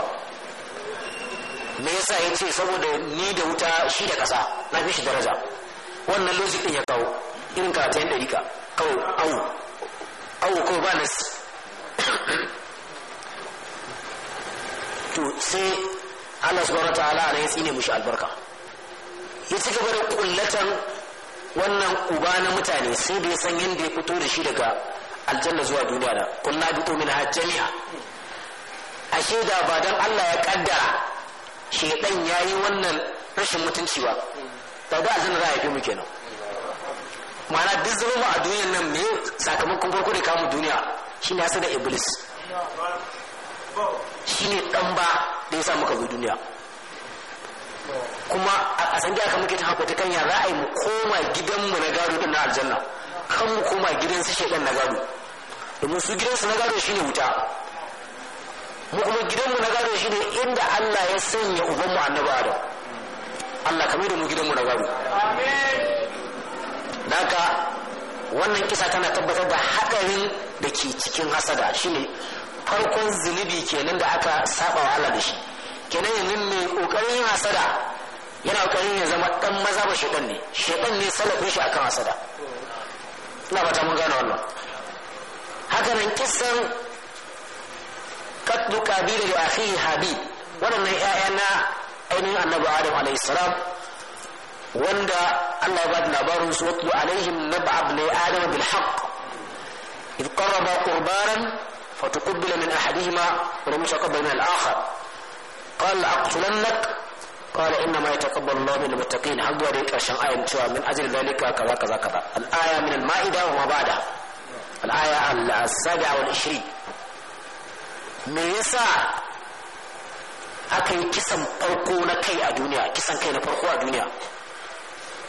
me yasa ya ce saboda ni da wuta shi da ƙasa na fi shi daraja wannan logic din ya kawo irin karatayen ɗarika kawai awu awo ko ba nasi to sai Allah subhanahu ta'ala ya tsine mushi albarka ya ci gaba da kullatan wannan uba na mutane sai bai san yadda ya fito da shi daga aljanna zuwa duniya da kullu bi min jami'a ashe da ba dan Allah ya kaddara shedan yayi wannan rashin mutunci ba da ba zan ra'ayi mu kenan ma'ana duk zama a duniyar nan me sakamakon farko da kamun duniya shi ne da iblis shi ne dan ba da ya sa kabu duniya kuma a san aka muke ta hakuta kan ya za a yi mu koma gidanmu na gado din na aljanna kan mu koma gidan su shekan na gado domin su gidansu na gado shi ne wuta mu kuma gidanmu na gado shi ne inda Allah ya sanya ubanmu annabi Adam Allah kamar da mu gidanmu na gado amin daga wannan kisa tana tabbatar da haɗarin da ke cikin hasada shine farkon zunubi kenan da aka saba wa da shi kenan yanzu mai kokarin yin hasada yana kokarin ya zama ɗan maza ba shedan ne shedan ne salafin shi akan hasada ina fata mun gane wannan haka nan kissan katlu kabila da akhihi habib waɗannan 'ya'ya na ainihin annabi adam alaihi salam wanda Allah ba da labarin su wato alaihim na ba'abla ya adama bil haq if qarraba qurbanan fa tuqbila min ahadihima wa lam yataqabbal min al-akhar qala aqtulannak qala inna ma yataqabbalu Allah min al-muttaqin har zuwa dai karshen ayan cewa min ajri dalika kaza kaza kaza al-aya min al-ma'ida wa ma ba'da al-aya al-sabi'a wa al-ishri me yasa aka yi kisan farko na kai a duniya kai na farko a duniya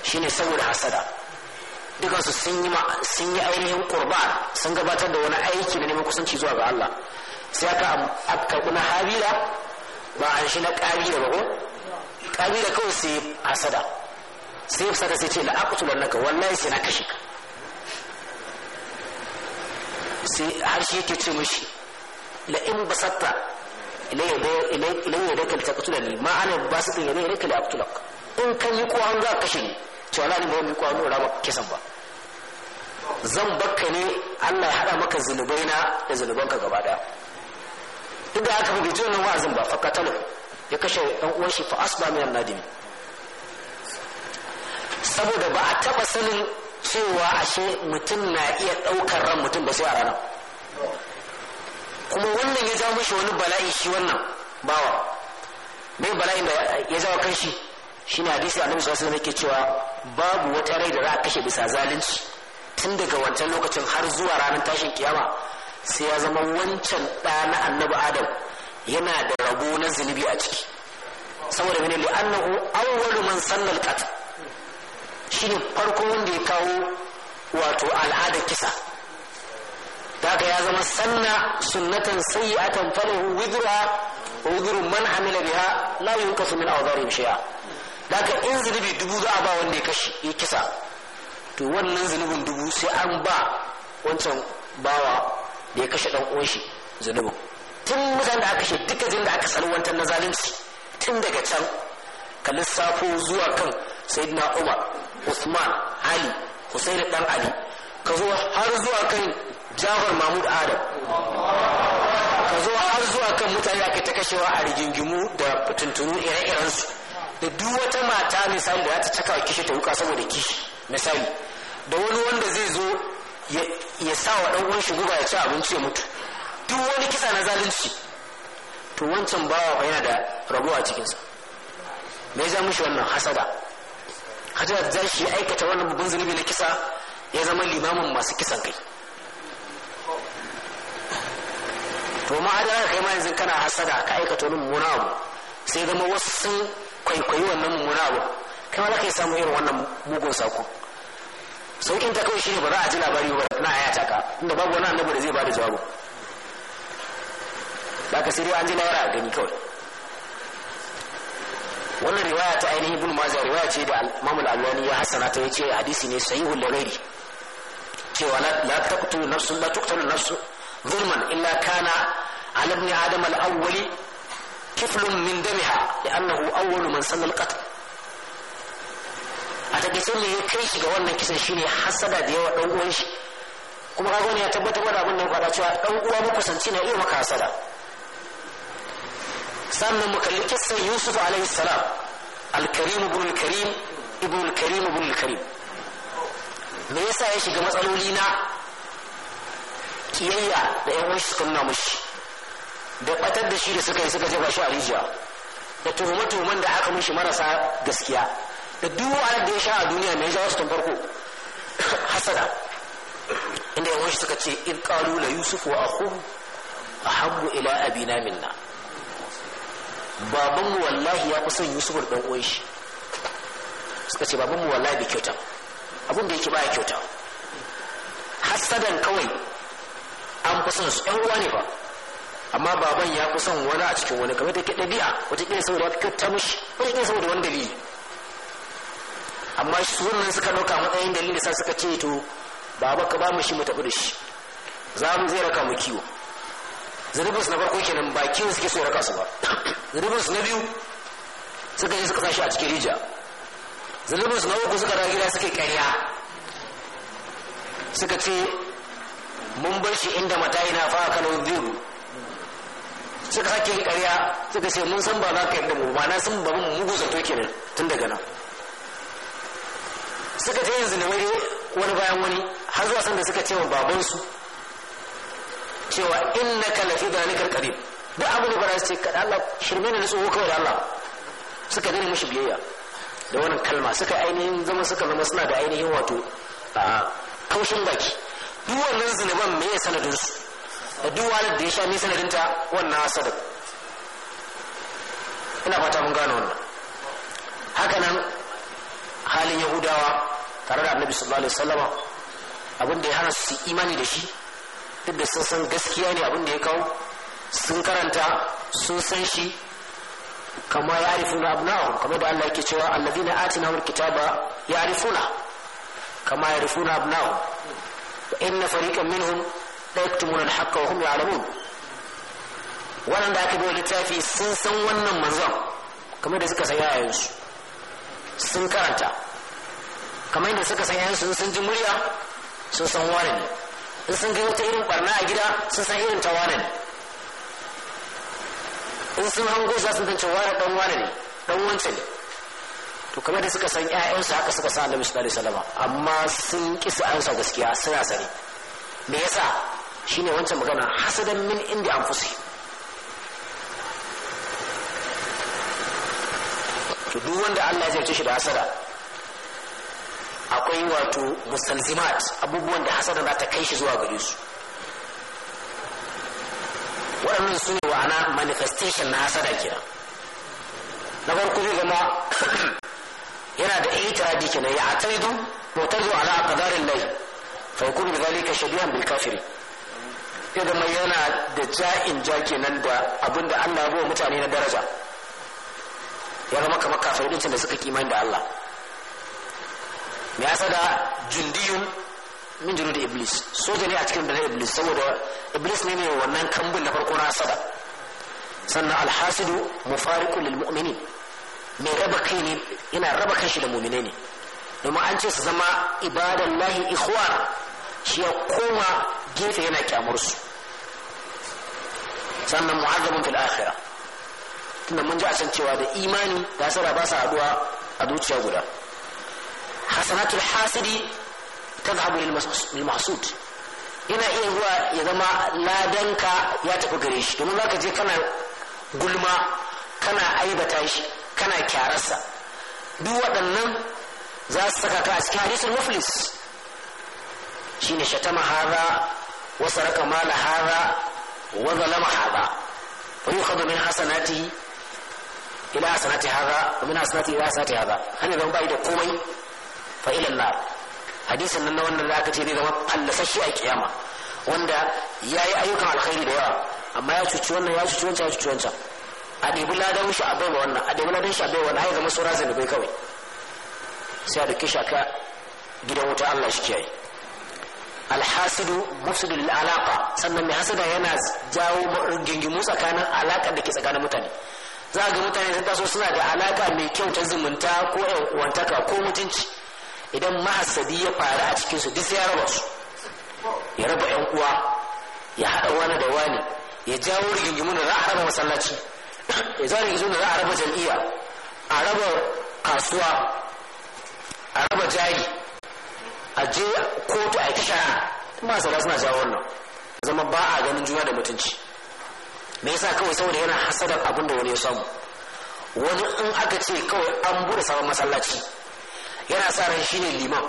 shine saboda hasada dukansu sun yi sun yi ainihin qurban sun gabatar da wani aiki da neman kusanci zuwa ga Allah sai aka aka na habila ba an shi na kabila ba ko kabila kawai sai hasada sai sata sai ce la naka wallahi sai na kashe ka sai har shi yake ce mishi la in basatta ilayya da kalta qatulani ma ana basitin ilayya da kalta qatulak in kan yi ko an za kashe ni to ana ba bai ko an nuna maka kisan ba zan bakka ne Allah ya hada maka zunubai na da ka gaba daya duk da haka bai wannan wa'azin ba fakatalu ya kashe dan uwan shi fa asba min nadim saboda ba a taba sanin cewa ashe mutum na iya daukar ran mutum ba sai a ranar kuma wannan ya jawo mishi wani bala'i shi wannan bawa mai bala'in da ya jawo kan shi ne hadisi nan sallallahu wasu wasallam yake cewa babu wata rai da za a kashe bisa zalunci tun daga wancan lokacin har zuwa ranar tashin kiyama sai ya zama wancan ɗa na annabi adam yana da rabo na zunubi a ciki saboda mene li annahu awwalu man sannal qatl shine farko wanda ya kawo wato al'ada kisa daga ya zama sanna sunnatan sayyi'atan falahu wizra wa wizru man amila biha la yunqasu min awdharihim shay'a da haka in zunubi dubu za a ba wanda ya kashi ya kisa to wannan zunubin dubu sai an ba wancan bawa da ya kashe dan uwan shi zunubin tun mutan da aka kashe duka jin da aka salwantar na zalunci tun daga can ka lissafo zuwa kan sayyidina umar usman ali husaini dan ali ka zo har zuwa kan jafar mahmud adam ka zo har zuwa kan mutane da aka ta kashewa a rigingimu da fitintunu ire-irensu da duk wata mata misali da ta cika kishi ta wuka saboda kishi misali da wani wanda zai zo ya sa wa ɗan uwan shi guba ya ci abinci ya mutu duk wani kisa na zalunci to wancan bawa yana da rabuwa a cikinsa me ya shi wannan hasada hajjar da shi aikata wannan babban zunubi na kisa ya zama limamin masu kisan kai to ma kai ma yanzu kana hasada ka aikata wani mummuna sai zama wasu sun kwaikwayi wannan mummuna abu kai da ka yi samun irin wannan mugun sako saukin ta kawai shi ne ba za a ji labari ba na aya ta ka inda babu wani annabi da zai bada jawabu ba ka sai dai an ji lawara a gani kawai wannan riwaya ta ainihin ibn majah riwaya ce da mamul alwani ya hassana ta yace hadisi ne sahihul laghairi cewa la taqtulu nafsun la tuqtalu nafsu zulman illa kana ala ibn adam al-awwali كفل من دمها لأنه أول من سن القتل a takaice ne ya kai shi ga wannan kisan shi ne hasada da yawa dan uwan kuma kaga ya tabbatar da abin da faɗa cewa dan uwa makusanci na iya maka hasada sannan mu kalli kisan Yusuf alaihi salam al-Karim ibn al me yasa ya shiga matsaloli na kiyayya da yan uwan shi suka nuna mushi da batar da shi da suka yi suka jefa shi a rijiya da tuhumatuhuman da aka mishi marasa gaskiya da duk wa'anar da ya sha a duniya mai jawo su tun farko hasada inda yawan shi suka ce in qalu la yusuf wa a ahabbu ila abina minna babanmu wallahi ya kusan son yusuf da dan uwan shi suka ce babanmu wallahi bai kyauta abin da yake baya kyauta hasadan kawai an kusan su yan uwa ne ba amma baban ya fi son wani a cikin wani kamar take ɗabi'a wataƙila saboda wata ta kyauta wata wataƙila saboda wani dalili amma shi sunan suka ɗauka matsayin dalili sa suka ce to baba ka ba mu shi mu tafi da shi za mu zai raka mu kiwo zanubinsu na farko kenan ba kiwo suke so raka su ba zanubinsu na biyu suka yi suka sashi a cikin rija zanubinsu na uku suka ragira suka ƙarya suka ce mun bar shi inda mata na fa kalau biyu suka hakkin yin ƙarya suka ce mun san ba za ka yadda mu na san ba mun mugu zato kenan tun daga nan suka ta yin zinubai wani bayan wani har zuwa sanda suka ce wa babansu cewa inna ka lafi da ni karkare duk abu da bara ce kada Allah shirme ne na tsoho kawai da Allah suka dina mashi biyayya da wannan kalma suka ainihin zama suka zama suna da ainihin wato a kaushin baki duk wannan zinaban me ya sanadinsu da duk wahalar da ya sha nisa da wannan hasadin ina fata mun gano wannan hakanan halin yahudawa tare da annabi sallallahu alaihi wasallama abin da ya hana su imani da shi duk da sun san gaskiya ne abin da ya kawo sun karanta sun san shi kama ya arifuna abna'ahum kamar da Allah yake cewa allazina atinahumul kitaba ya arifuna kama ya arifuna abna'ahum wa inna fariqan minhum da yaktumuna al-haqqa wa hum ya'lamun wannan da aka bi littafi sun san wannan manzon kamar da suka san su sun karanta kamar yadda suka san su sun ji murya sun san wane ne in sun ga wata irin barna a gida sun san irin ta ne in sun hango za su tance wane dan wane ne dan wance ne to kamar da suka san ƴaƴansu haka suka sa Annabi sallallahu alaihi wasallam amma sun kisa ansa gaskiya suna sani me yasa Shi ne wancan magana hasadan min inda an to duk wanda Allah ya zarce shi da hasada akwai wato musalzimat abubuwan da hasada na ta kai shi zuwa gare su waɗannan su ne wa'ana manifestation na hasada kira na farko zai zama yana da itiradi kenan ya ataidu mutarzu ala aqdarin lai fa yakunu zalika shabihan bil kafiri ya zama yana da ja'in ja kenan da abin da Allah ya mutane na daraja ya zama kamar kafirin da suka kimanin da Allah me da jundiyun min da iblis soja ne a cikin da iblis saboda iblis ne ne wannan kambun na farko na sada sannan alhasidu mufariqu lil mu'minin mai raba kai ne yana raba kanshi da mu'mine ne domin an ce su zama ibadallahi ikhwan shi ya koma gefe yana kyamar su sannan mu'azzabun fil akhirah tunda mun ji a cewa da imani da hasara ba sa haduwa a zuciya guda hasanatul hasidi tadhhabu lil mahsud yana iya zuwa ya zama ladanka ya tafi gare shi domin zaka je kana gulma kana aibata shi kana kyararsa duk waɗannan za su saka ka a cikin hadisul muflis shine shatama hadha wasu raka mala hara wa zalama hara wani yukhadu min hasanati ila hasanati hara min hasanati ila hasanati hara hana zama bai da komai fa ila nar hadisin nan na wannan da aka ce zai zama fallasashi a kiyama wanda ya yi ayyukan alkhairi da yawa amma ya cuci wannan ya cuci wancan ya cuci wancan a ɗebi ladan shi a baiwa wannan a ɗebi ladan shi a wannan kawai sai a shaka gidan wuta Allah shi kiyaye alhasidu mufsidu lil alaqa sannan mai hasada yana jawo gingimu tsakanin alaka da ke tsakanin mutane za ga mutane sun taso suna da alaka mai kyau ta zumunta ko uwantaka ko mutunci idan mahasadi ya faru a cikinsu duk sai ya raba su ya raba yan uwa ya haɗa wani da wani ya jawo rigingimu da za a raba masallaci ya jawo rigingimu da za a raba jam'iyya a raba kasuwa a raba jari a je kotu a ta shara masara suna jawo wannan zama ba a ganin juna da mutunci me yasa kawai saboda yana hasadar abin da wani ya samu wani in aka ce kawai an bude sabon masallaci yana sa ran shine liman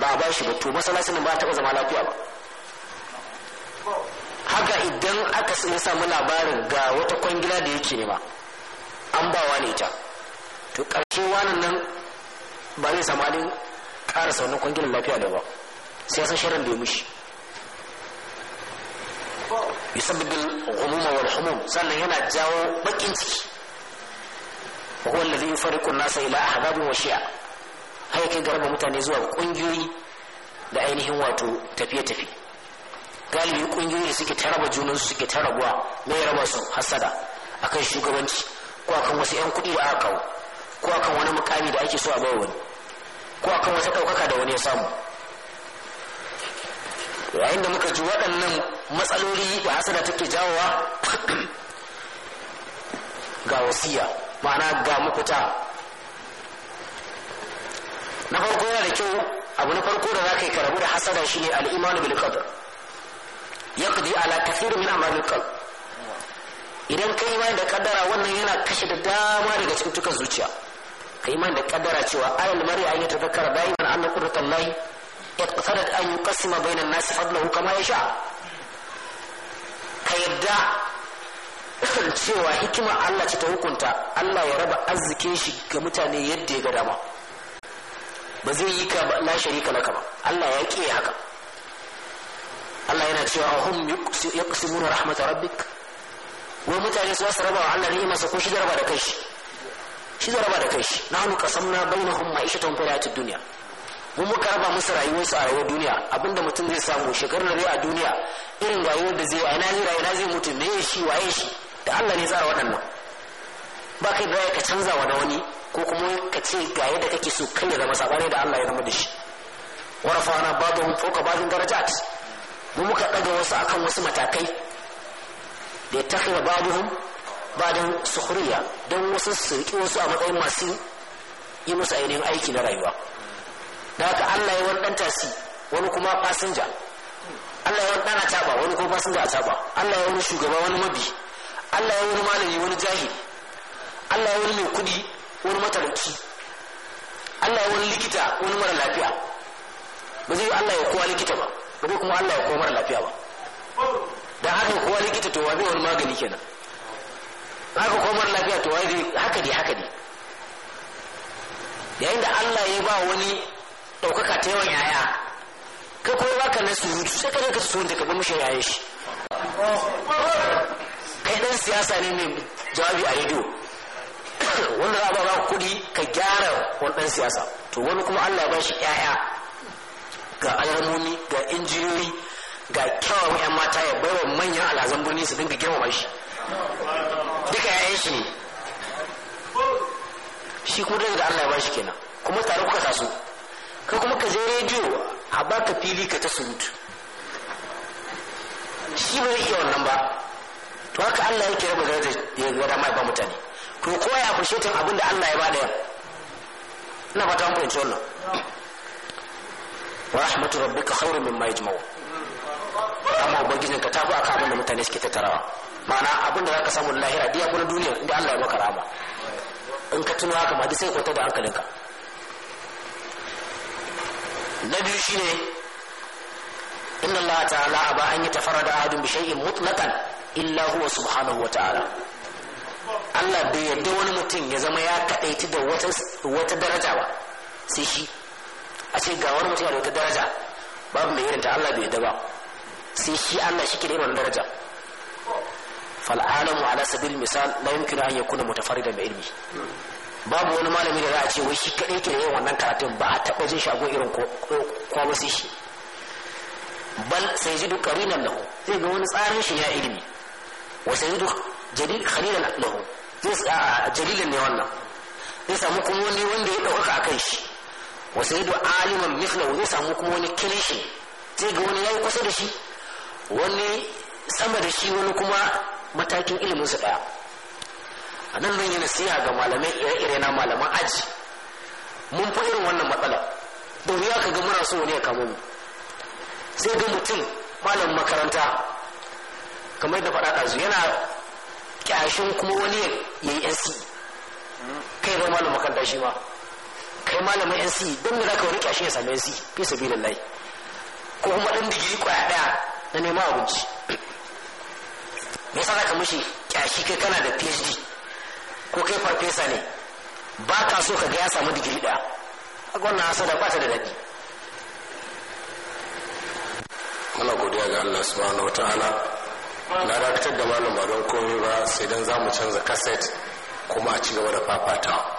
ba a bashi ba to masallacin ba ta zama lafiya ba haka idan aka sun samu labarin ga wata kwangila da yake nema an bawa ne ita to ƙarshe wani nan ba zai samu karasa wannan kwangilin lafiya da ba sai san shirin da ya mushi yusabbibul ghumuma wal humum sannan yana jawo bakin ciki huwa alladhi yufariqu an-nasa ila ahbabin wa shi'a hay garba mutane zuwa kungiyoyi da ainihin wato tafiye tafi galibi kungiyoyi da suke taraba junan su suke tarabuwa me raba su hasada akan shugabanci ko akan wasu yan kuɗi da aka kawo ko akan wani mukami da ake so a bawa wani ko akan wata ɗaukaka da wani ya samu yayin da muka ji waɗannan matsaloli da hasada take jawowa ga wasiya ma'ana ga mafita na farko yana da kyau abu na farko da za ka yi karabu da hasada shi ne al'imanu bil qadr kudi ala kafiru min a'malil qalb idan kai imani da kaddara wannan yana kashe da dama daga cikin tukar zuciya ka iman da kaddara cewa alal mari an yatazakkara daiman ya qudratallahi iqtadat an yuqassima bainan nasi fadlahu kama sha ka yadda cewa hikima Allah ce ta hukunta Allah ya raba arzikin shi ga mutane yadda ya ga dama ba zai yi ka la sharika laka ba Allah ya ƙi haka Allah yana cewa hum yaqsimuna rahmat rabbik wa mutane su raba wa Allah ne masu ko shi da raba da kai shi shi zai raba da kai shi na na na kuma bainahum ma'ishatan fil duniya duniya mu muka raba musu rayuwar su a rayuwar duniya abinda mutum zai samu shekarar da a duniya irin rayuwar da zai ina zai rayuwa zai mutu me shi waye shi da Allah ne tsara waɗannan ba kai da ka canza wa wani ko kuma ka ce ga yadda kake so kai ya zama sabani da Allah ya zama da shi wa rafa'na ba'dahum fawqa ba'din darajat mun muka daga wasu akan wasu matakai da ya babu ba'dahum ba don sukhriya don wasu su ki wasu a matsayin masu yi musu ainihin aiki na rayuwa da haka Allah ya wani ɗan tasi wani kuma fasinja Allah ya wani dan ataba wani kuma fasinja ataba Allah ya wani shugaba wani mabi Allah ya wani malami wani jahili Allah ya wani mai kuɗi wani matalauci Allah ya wani likita wani mara lafiya ba zai Allah ya kowa likita ba ba zai kuma Allah ya kowa mara lafiya ba da haka kowa likita to wa wani magani kenan haka komar lafiya to wai haka ne haka ne yayin da Allah ya ba wani ɗaukaka ta yawan yaya ka kuma ka na surutu sai ka ka surutu ka bamshe yaye shi kai dan siyasa ne mai jawabi a rediyo wanda za a ba kuɗi ka gyara wani dan siyasa to wani kuma Allah ya ba shi yaya ga alamomi ga injiniyoyi ga kyawawan 'yan mata ya baiwa manyan alhazan birni su dinga girmama shi duka yayan shi ne shi kuma da Allah ya ba shi kenan kuma tare kuka taso kai kuma ka je rediyo a baka fili ka ta surutu shi ba zai iya wannan ba to haka Allah yake ba da ya da mai ba mutane to ko ya fushe ta abin da Allah ya ba da ina fata mun fahimci wannan wa rahmatu rabbika khairu mimma yajma'u amma ubangijinka ta fi aka abin da mutane suke tattarawa ma'ana abin da ka samu lahira biya kuma duniya inda Allah ya maka rahama in ka tuno haka ma duk sai kwanta da hankalinka na biyu ne inna Allah ta'ala aba an yatafarrada ahadun bi shay'in mutlaqan illa huwa subhanahu wa ta'ala Allah bai yadda wani mutum ya zama ya kadaici da wata daraja ba sai shi a ce ga wani mutum da wata daraja babu mai irin ta Allah bai yadda ba sai shi Allah shi ke da irin daraja فالعالم على سبيل misal لا يمكن ان يكون متفردا بعلمه babu wani malami da za a ce wai shi kadai ke yin wannan karatun ba a taɓa jin shago irin ko ba shi bal sai ji duk karinan lahu zai ga wani tsarin shi ya ilimi wa sai duk jalil khalilan lahu zai jalilan ne wannan zai samu kuma wani wanda ya ɗaukaka a kan shi wa sai duk aliman mithlahu zai samu kuma wani kilishi zai ga wani yayi kusa da shi wani sama da shi wani kuma matakin ilimin su daya a nan nan yi nasiha ga malamai ire-ire na malaman aji mun fi irin wannan matsala da wuya ka ga muna so ne ya kamo mu sai ga mutum malamin makaranta kamar da faɗa ɗazu yana kyashin kuma wani ya yi nc kai ga malamin makaranta shi ma kai malamin nc don da za ka wani kyashin ya sami nc fi sabi lallai ko kuma ɗan digiri kwaya ɗaya na neman abinci me yasa zaka mishi kyashi kai kana da PhD ko kai farfesa ne ba ka so ka ga ya samu digiri ɗaya wannan hasada ba ta da daɗi muna godiya ga Allah subhanahu wataala na dakatar da malam ba don komai ba sai dan za mu canza kaset kuma a ci gaba da fafatawa